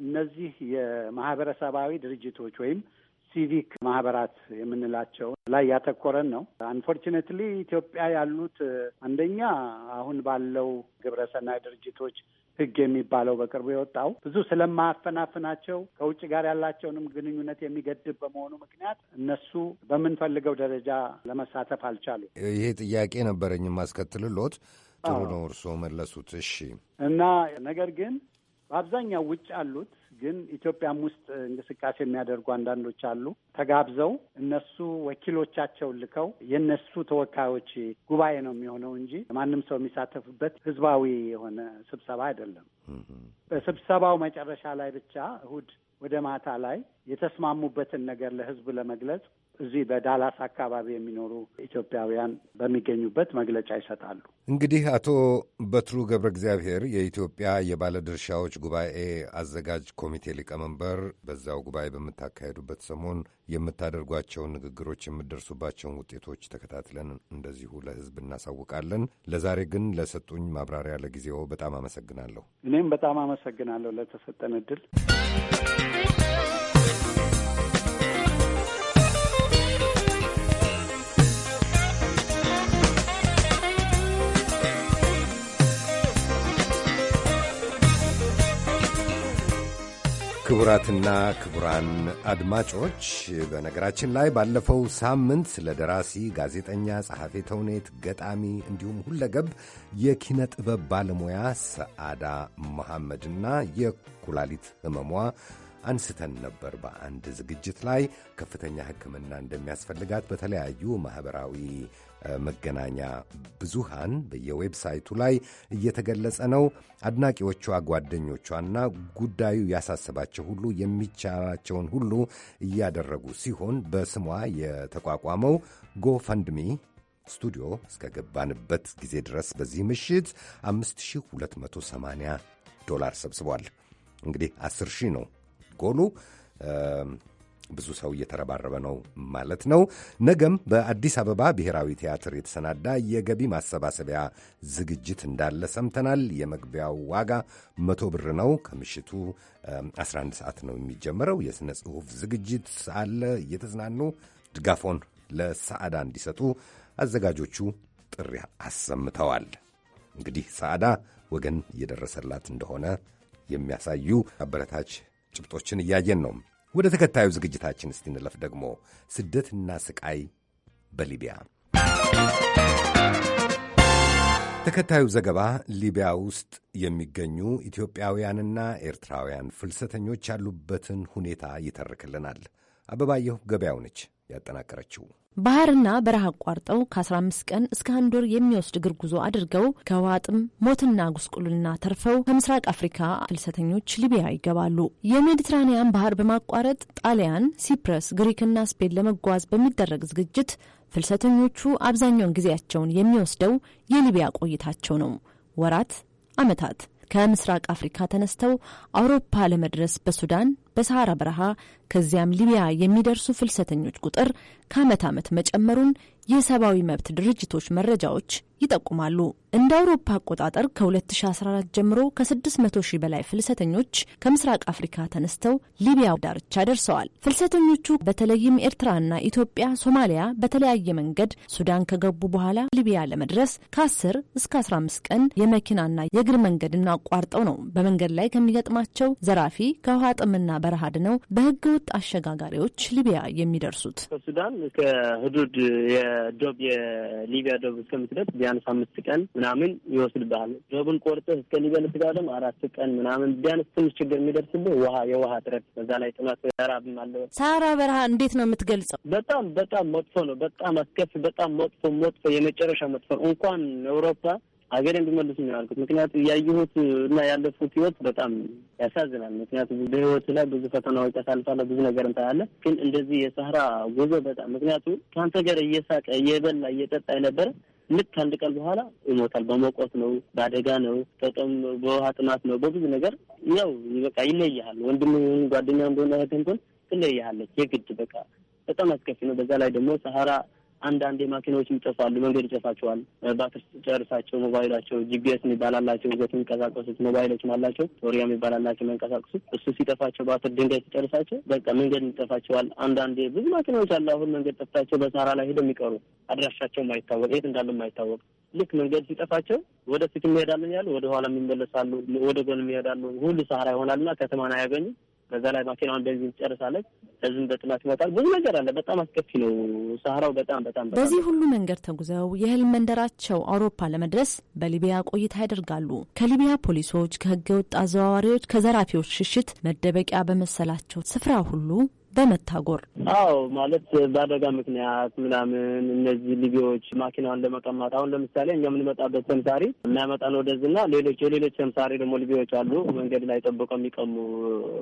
እነዚህ የማህበረሰባዊ ድርጅቶች ወይም ሲቪክ ማህበራት የምንላቸው ላይ ያተኮረን ነው። አንፎርችኔትሊ ኢትዮጵያ ያሉት አንደኛ አሁን ባለው ግብረሰናይ ድርጅቶች ህግ የሚባለው በቅርቡ የወጣው ብዙ ስለማያፈናፍናቸው ከውጭ ጋር ያላቸውንም ግንኙነት የሚገድብ በመሆኑ ምክንያት እነሱ በምንፈልገው ደረጃ ለመሳተፍ አልቻሉ። ይሄ ጥያቄ ነበረኝ ማስከትልሎት። ጥሩ ነው፣ እርስዎ መለሱት። እሺ እና ነገር ግን በአብዛኛው ውጭ ያሉት ግን ኢትዮጵያም ውስጥ እንቅስቃሴ የሚያደርጉ አንዳንዶች አሉ። ተጋብዘው እነሱ ወኪሎቻቸው ልከው የእነሱ ተወካዮች ጉባኤ ነው የሚሆነው እንጂ ማንም ሰው የሚሳተፍበት ህዝባዊ የሆነ ስብሰባ አይደለም። በስብሰባው መጨረሻ ላይ ብቻ እሁድ ወደ ማታ ላይ የተስማሙበትን ነገር ለህዝብ ለመግለጽ እዚህ በዳላስ አካባቢ የሚኖሩ ኢትዮጵያውያን በሚገኙበት መግለጫ ይሰጣሉ። እንግዲህ አቶ በትሩ ገብረ እግዚአብሔር የኢትዮጵያ የባለድርሻዎች ጉባኤ አዘጋጅ ኮሚቴ ሊቀመንበር፣ በዛው ጉባኤ በምታካሄዱበት ሰሞን የምታደርጓቸውን ንግግሮች፣ የምደርሱባቸውን ውጤቶች ተከታትለን እንደዚሁ ለሕዝብ እናሳውቃለን። ለዛሬ ግን ለሰጡኝ ማብራሪያ ለጊዜው በጣም አመሰግናለሁ። እኔም በጣም አመሰግናለሁ ለተሰጠን እድል። ክቡራትና ክቡራን አድማጮች በነገራችን ላይ ባለፈው ሳምንት ስለ ደራሲ፣ ጋዜጠኛ፣ ጸሐፊ ተውኔት፣ ገጣሚ እንዲሁም ሁለገብ የኪነ ጥበብ ባለሙያ ሰዓዳ መሐመድና የኩላሊት ሕመሟ አንስተን ነበር። በአንድ ዝግጅት ላይ ከፍተኛ ሕክምና እንደሚያስፈልጋት በተለያዩ ማኅበራዊ መገናኛ ብዙሃን በየዌብሳይቱ ላይ እየተገለጸ ነው። አድናቂዎቿ፣ ጓደኞቿና ጉዳዩ ያሳሰባቸው ሁሉ የሚቻላቸውን ሁሉ እያደረጉ ሲሆን በስሟ የተቋቋመው ጎፈንድሚ ስቱዲዮ እስከገባንበት ጊዜ ድረስ በዚህ ምሽት 5280 ዶላር ሰብስቧል። እንግዲህ 10 ሺህ ነው ጎሉ። ብዙ ሰው እየተረባረበ ነው ማለት ነው። ነገም በአዲስ አበባ ብሔራዊ ቲያትር የተሰናዳ የገቢ ማሰባሰቢያ ዝግጅት እንዳለ ሰምተናል። የመግቢያው ዋጋ መቶ ብር ነው። ከምሽቱ 11 ሰዓት ነው የሚጀመረው። የሥነ ጽሑፍ ዝግጅት አለ። እየተዝናኑ ድጋፎን ለሰዓዳ እንዲሰጡ አዘጋጆቹ ጥሪ አሰምተዋል። እንግዲህ ሰዓዳ ወገን እየደረሰላት እንደሆነ የሚያሳዩ አበረታች ጭብጦችን እያየን ነው። ወደ ተከታዩ ዝግጅታችን እስቲንለፍ ደግሞ ስደትና ስቃይ በሊቢያ ተከታዩ ዘገባ ሊቢያ ውስጥ የሚገኙ ኢትዮጵያውያንና ኤርትራውያን ፍልሰተኞች ያሉበትን ሁኔታ ይተርክልናል። አበባየሁ ገበያው ነች ያጠናቀረችው። ባህርና በረሃ አቋርጠው ከ15 ቀን እስከ አንድ ወር የሚወስድ እግር ጉዞ አድርገው ከዋጥም ሞትና ጉስቁልና ተርፈው ከምስራቅ አፍሪካ ፍልሰተኞች ሊቢያ ይገባሉ። የሜዲትራኒያን ባህር በማቋረጥ ጣሊያን፣ ሲፕረስ፣ ግሪክና ስፔን ለመጓዝ በሚደረግ ዝግጅት ፍልሰተኞቹ አብዛኛውን ጊዜያቸውን የሚወስደው የሊቢያ ቆይታቸው ነው። ወራት፣ ዓመታት ከምስራቅ አፍሪካ ተነስተው አውሮፓ ለመድረስ በሱዳን በሰሐራ በረሃ ከዚያም ሊቢያ የሚደርሱ ፍልሰተኞች ቁጥር ከዓመት ዓመት መጨመሩን የሰብአዊ መብት ድርጅቶች መረጃዎች ይጠቁማሉ። እንደ አውሮፓ አቆጣጠር ከ2014 ጀምሮ ከ600 ሺህ በላይ ፍልሰተኞች ከምስራቅ አፍሪካ ተነስተው ሊቢያ ዳርቻ ደርሰዋል። ፍልሰተኞቹ በተለይም ኤርትራና ኢትዮጵያ፣ ሶማሊያ በተለያየ መንገድ ሱዳን ከገቡ በኋላ ሊቢያ ለመድረስ ከ10 እስከ 15 ቀን የመኪናና የእግር መንገድን አቋርጠው ነው። በመንገድ ላይ ከሚገጥማቸው ዘራፊ፣ ከውሃ ጥምና በረሃድ ነው በህገ ወጥ አሸጋጋሪዎች ሊቢያ የሚደርሱት ከሱዳን ከህዱድ የዶብ የሊቢያ ዶብ እስከምትደርስ ቢያንስ አምስት ቀን ምናምን ይወስድብሃል። ጆብን ቆርጥህ እስከሚበልጥ ጋር ደግሞ አራት ቀን ምናምን ቢያንስ ትንሽ ችግር የሚደርስብህ ውሃ የውሃ እጥረት፣ በዛ ላይ ጥማት፣ ራብም አለ። ሳራ በረሃ እንዴት ነው የምትገልጸው? በጣም በጣም መጥፎ ነው። በጣም አስከፊ፣ በጣም መጥፎ መጥፎ፣ የመጨረሻ መጥፎ ነው። እንኳን አውሮፓ ሀገር እንዲመልሱ ነው ያልኩት። ምክንያቱ ያየሁት እና ያለፉት ህይወት በጣም ያሳዝናል። ምክንያቱ በህይወት ላይ ብዙ ፈተናዎች ያሳልፋለ፣ ብዙ ነገር እንታያለ። ግን እንደዚህ የሰህራ ጉዞ በጣም ምክንያቱ ከአንተ ጋር እየሳቀ እየበላ እየጠጣ የነበረ ልክ ከአንድ ቀን በኋላ ይሞታል። በመቆት ነው፣ በአደጋ ነው፣ ጠጠም በውሃ ጥማት ነው፣ በብዙ ነገር ያው በቃ ይለያሃል። ወንድም ሆን ጓደኛ እንደሆነ ሆን ትለያሃለች የግድ በቃ በጣም አስከፊ ነው። በዛ ላይ ደግሞ ሰሀራ አንዳንዴ ማኪናዎች ይጠፋሉ፣ መንገድ ይጠፋቸዋል። ባትር ጨርሳቸው ሞባይላቸው ጂፒኤስ የሚባላላቸው አላቸው፣ ይዘት የሚንቀሳቀሱት ሞባይሎች አላቸው፣ ሶሪያ የሚባላላቸው የሚንቀሳቀሱት። እሱ ሲጠፋቸው ባትር ድንጋይ ሲጨርሳቸው በቃ መንገድ ይጠፋቸዋል። አንዳንዴ ብዙ ማኪናዎች አሉ፣ አሁን መንገድ ጠፍታቸው በሳራ ላይ ሄደው የሚቀሩ አድራሻቸውም አይታወቅ፣ የት እንዳለም አይታወቅ። ልክ መንገድ ሲጠፋቸው ወደፊት የሚሄዳለን ያሉ ወደ ኋላ የሚመለሳሉ፣ ወደ ጎን የሚሄዳሉ። ሁሉ ሳራ ይሆናልና ከተማን አያገኙ በዛ ላይ ማኪናዋን ቤንዚን ትጨርሳለች። ህዝብን በጥላት ይመጣል። ብዙ ነገር አለ። በጣም አስከፊ ነው ሳህራው። በጣም በጣም በዚህ ሁሉ መንገድ ተጉዘው የህልም መንደራቸው አውሮፓ ለመድረስ በሊቢያ ቆይታ ያደርጋሉ። ከሊቢያ ፖሊሶች፣ ከህገ ወጥ አዘዋዋሪዎች፣ ከዘራፊዎች ሽሽት መደበቂያ በመሰላቸው ስፍራ ሁሉ በመታጎር አዎ፣ ማለት በአደጋ ምክንያት ምናምን እነዚህ ልቢዎች ማኪናውን ለመቀማት አሁን ለምሳሌ እኛ የምንመጣበት ሰምሳሪ የሚያመጣን ወደዚህና ሌሎች የሌሎች ሰምሳሪ ደግሞ ልቢዎች አሉ መንገድ ላይ ጠብቀው የሚቀሙ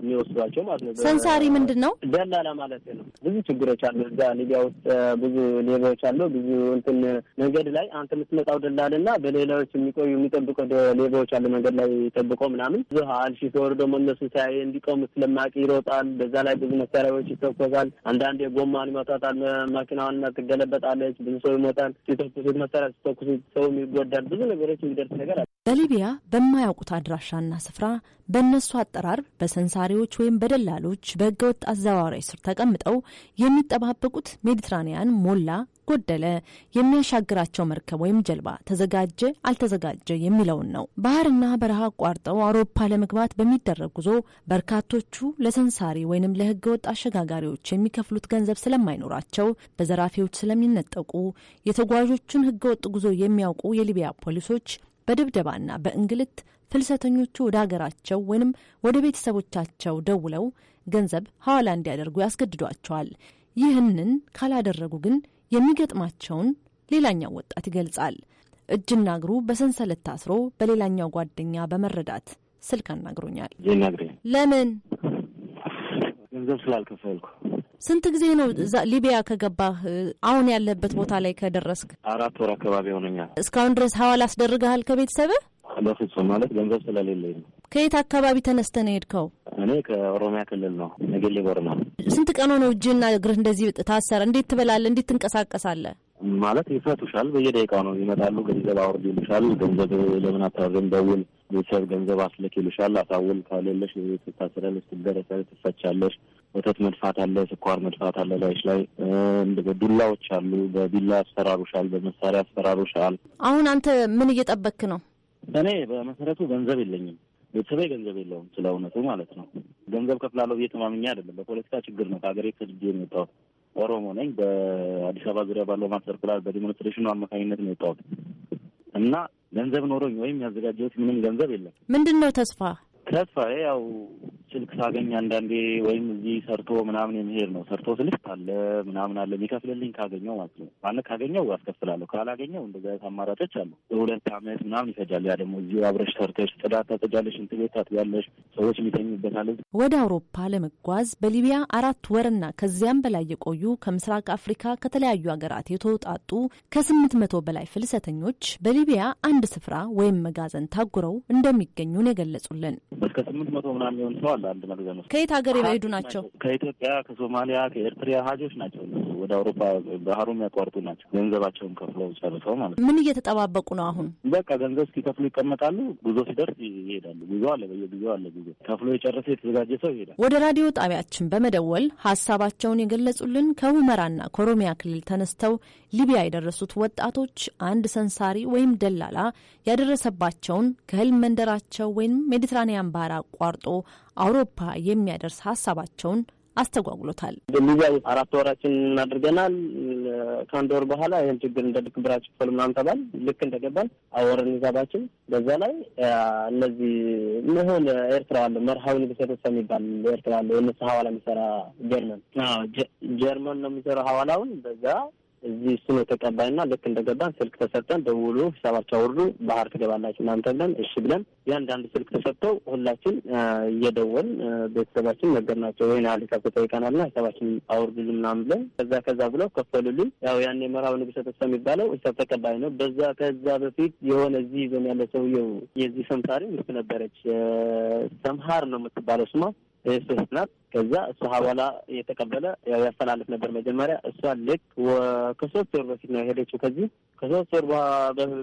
የሚወስዷቸው ማለት ነው። ሰንሳሪ ምንድን ነው? ደላላ ማለት ነው። ብዙ ችግሮች አሉ እዛ ሊቢያ ውስጥ ብዙ ሌባዎች አሉ። ብዙ እንትን መንገድ ላይ አንተ የምትመጣው ደላል እና በሌላዎች የሚቆዩ የሚጠብቀው ሌባዎች አሉ መንገድ ላይ ጠብቀው ምናምን ብዙ አልሺ ሲወሩ ደግሞ እነሱ ሳይ እንዲቀሙ ስለማያውቅ ይሮጣል። በዛ ላይ ብዙ መሳሪያዎች ሰዎች ይተኮሳል። አንዳንድ የጎማን ይመጣታል፣ መኪናዋን ትገለበጣለች፣ ብዙ ሰው ይሞታል። ሲተኩሱት መሳሪያ ሲተኩሱት ሰውም ይጎዳል። ብዙ ነገሮች የሚደርስ ነገር አለ። በሊቢያ በማያውቁት አድራሻና ስፍራ በእነሱ አጠራር በሰንሳሪዎች ወይም በደላሎች በህገወጥ አዘዋዋሪ ስር ተቀምጠው የሚጠባበቁት ሜዲትራኒያን ሞላ ጎደለ የሚያሻግራቸው መርከብ ወይም ጀልባ ተዘጋጀ አልተዘጋጀ የሚለውን ነው። ባህርና በረሃ አቋርጠው አውሮፓ ለመግባት በሚደረግ ጉዞ በርካቶቹ ለሰንሳሪ ወይንም ለህገወጥ አሸጋጋሪዎች የሚከፍሉት ገንዘብ ስለማይኖራቸው በዘራፊዎች ስለሚነጠቁ የተጓዦቹን ህገወጥ ጉዞ የሚያውቁ የሊቢያ ፖሊሶች በድብደባና በእንግልት ፍልሰተኞቹ ወደ ሀገራቸው ወይም ወደ ቤተሰቦቻቸው ደውለው ገንዘብ ሐዋላ እንዲያደርጉ ያስገድዷቸዋል። ይህንን ካላደረጉ ግን የሚገጥማቸውን ሌላኛው ወጣት ይገልጻል። እጅና እግሩ በሰንሰለት ታስሮ በሌላኛው ጓደኛ በመረዳት ስልክ አናግሮኛል። ለምን ገንዘብ ስላልከፈልኩ ስንት ጊዜ ነው ሊቢያ ከገባህ አሁን ያለበት ቦታ ላይ ከደረስክ? አራት ወር አካባቢ ሆነኛል። እስካሁን ድረስ ሀዋላ አስደርገሃል ከቤተሰብህ? በፍጹም ማለት ገንዘብ ስለሌለኝ ነው። ከየት አካባቢ ተነስተ ነው የሄድከው? እኔ ከኦሮሚያ ክልል ነው፣ ነገሌ ቦረና። ስንት ቀን ሆነው እጅና እግርህ እንደዚህ ታሰረ? እንዴት ትበላለህ? እንዴት ትንቀሳቀሳለህ? ማለት ይፈቱሻል። በየደቂቃው ነው ይመጣሉ። ገንዘብ አውርድ ይሉሻል። ገንዘብ ለምን አታወርድም? ደውል፣ ቤተሰብ ገንዘብ አስልክ ይሉሻል። አሳውል፣ ከሌለሽ ትታሰሪያለሽ፣ ትደረሰ ትፈቻለሽ ወተት መድፋት አለ፣ ስኳር መድፋት አለ ላይች ላይ ዱላዎች አሉ፣ በቢላ ያስፈራሩሻል፣ በመሳሪያ ያስፈራሩሻል። አሁን አንተ ምን እየጠበክ ነው? እኔ በመሰረቱ ገንዘብ የለኝም፣ ቤተሰቤ ገንዘብ የለውም፣ ስለ እውነቱ ማለት ነው። ገንዘብ ከፍላለሁ ብዬ ተማምኜ አይደለም። በፖለቲካ ችግር ነው ከሀገሬ ተሰድጄ የመጣሁት። ኦሮሞ ነኝ። በአዲስ አበባ ዙሪያ ባለው ማስ ሰርኩላር በዲሞንስትሬሽኑ አማካኝነት ነው የወጣሁት እና ገንዘብ ኖሮኝ ወይም ያዘጋጀሁት ምንም ገንዘብ የለም። ምንድን ነው ተስፋ ተስፋ ያው ስልክ ሳገኝ አንዳንዴ ወይም እዚህ ሰርቶ ምናምን የመሄድ ነው። ሰርቶ ስልክ አለ ምናምን አለ የሚከፍልልኝ ካገኘው ማለት ነው። ማለ ካገኘው አስከፍላለሁ፣ ካላገኘው እንደዚ አይነት አማራጮች አሉ። በሁለት አመት ምናምን ይፈጃል። ያ ደግሞ እዚሁ አብረሽ ሰርተሽ ጽዳት ታጸጃለሽ፣ እንትን ቤት ታጥቢያለሽ፣ ሰዎች የሚተኙበታል። ወደ አውሮፓ ለመጓዝ በሊቢያ አራት ወርና ከዚያም በላይ የቆዩ ከምስራቅ አፍሪካ ከተለያዩ ሀገራት የተውጣጡ ከስምንት መቶ በላይ ፍልሰተኞች በሊቢያ አንድ ስፍራ ወይም መጋዘን ታጉረው እንደሚገኙን የገለጹልን እስከ ስምንት መቶ ምናምን የሚሆን ሰው አንዳንድ መግዘም ከየት ሀገር የሄዱ ናቸው? ከኢትዮጵያ፣ ከሶማሊያ፣ ከኤርትሪያ ሀጆች ናቸው። ወደ አውሮፓ ባህሩ የሚያቋርጡ ናቸው። ገንዘባቸውን ከፍለው ጨርሰው ማለት ነው። ምን እየተጠባበቁ ነው አሁን? በቃ ገንዘብ እስኪከፍሉ ይቀመጣሉ። ጉዞ ሲደርስ ይሄዳሉ። ጉዞ አለ፣ በየጊዜው አለ ጉዞ። ከፍሎ የጨረሰ የተዘጋጀ ሰው ይሄዳል። ወደ ራዲዮ ጣቢያችን በመደወል ሀሳባቸውን የገለጹልን ከሁመራና ከኦሮሚያ ክልል ተነስተው ሊቢያ የደረሱት ወጣቶች አንድ ሰንሳሪ ወይም ደላላ ያደረሰባቸውን ከህልም መንደራቸው ወይም ሜዲትራኒያን ባህር አቋርጦ አውሮፓ የሚያደርስ ሀሳባቸውን አስተጓጉሎታል። ሊቢያ አራት ወራችን አድርገናል። ከአንድ ወር በኋላ ይህን ችግር እንደ ልክ ብራችሁ ክፈሉ ምናምን ተባል። ልክ እንደገባል አወርን ሂሳባችን። በዛ ላይ እነዚህ መሆን ኤርትራ አለ መርሃዊ ንጉሰ ተስፋ የሚባል ኤርትራ አለ የነሱ ሀዋላ የሚሰራ ጀርመን ጀርመን ነው የሚሰራው ሀዋላውን በዛ እዚህ እሱ ነው ተቀባይና ልክ እንደገባን ስልክ ተሰጠን። ደውሉ፣ ሂሳባቸው አውርዱ፣ ባህር ትገባላችሁ እናንተ ብለን እሺ ብለን ያንዳንድ ስልክ ተሰጥተው ሁላችን እየደወል ቤተሰባችን ነገር ናቸው ወይ ያህል ሂሳብ ተጠይቀናልና ሂሳባችን አውርዱልን ምናምን ብለን ከዛ ከዛ ብለው ከፈሉልን። ያው ያኔ መርሃዊ ንጉሰ ተስፋ የሚባለው ሂሳብ ተቀባይ ነው። በዛ ከዛ በፊት የሆነ እዚህ ይዞን ያለ ሰውየው የዚህ ሰምሳሪ ምስ ነበረች ሰምሀር ነው የምትባለው ስማ ሴት ናት። ከዛ እሷ ሀዋላ እየተቀበለ ያስተላልፍ ነበር መጀመሪያ። እሷ ልክ ከሶስት ወር በፊት ነው የሄደችው። ከዚህ ከሶስት ወር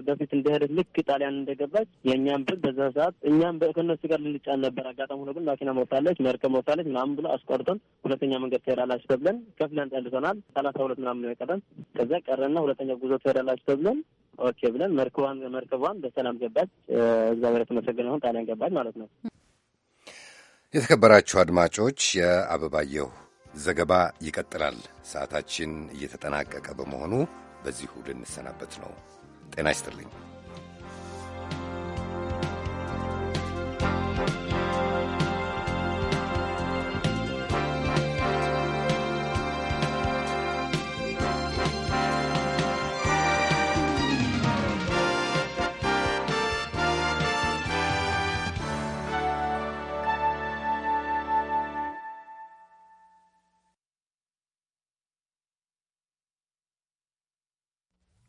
በፊት እንደሄደች ልክ ጣሊያን እንደገባች የእኛም ብል በዛ ሰዓት እኛም ከእነሱ ጋር ልንጫን ነበር። አጋጣሚ ሆኖ ግን ማኪና መውታለች፣ መርከብ መታለች ምናምን ብሎ አስቆርቶን ሁለተኛ መንገድ ትሄዳላችሁ ተብለን ከፍለን ጠልሰናል። ሰላሳ ሁለት ምናምን ነው የቀረን። ከዛ ቀረና ሁለተኛ ጉዞ ትሄዳላችሁ ተብለን ኦኬ ብለን መርከቧን መርከቧን በሰላም ገባች። እግዚአብሔር የተመሰገነ ይሁን ጣሊያን ገባች ማለት ነው። የተከበራችሁ አድማጮች የአበባየሁ ዘገባ ይቀጥላል። ሰዓታችን እየተጠናቀቀ በመሆኑ በዚሁ ልንሰናበት ነው። ጤና ይስጥልኝ።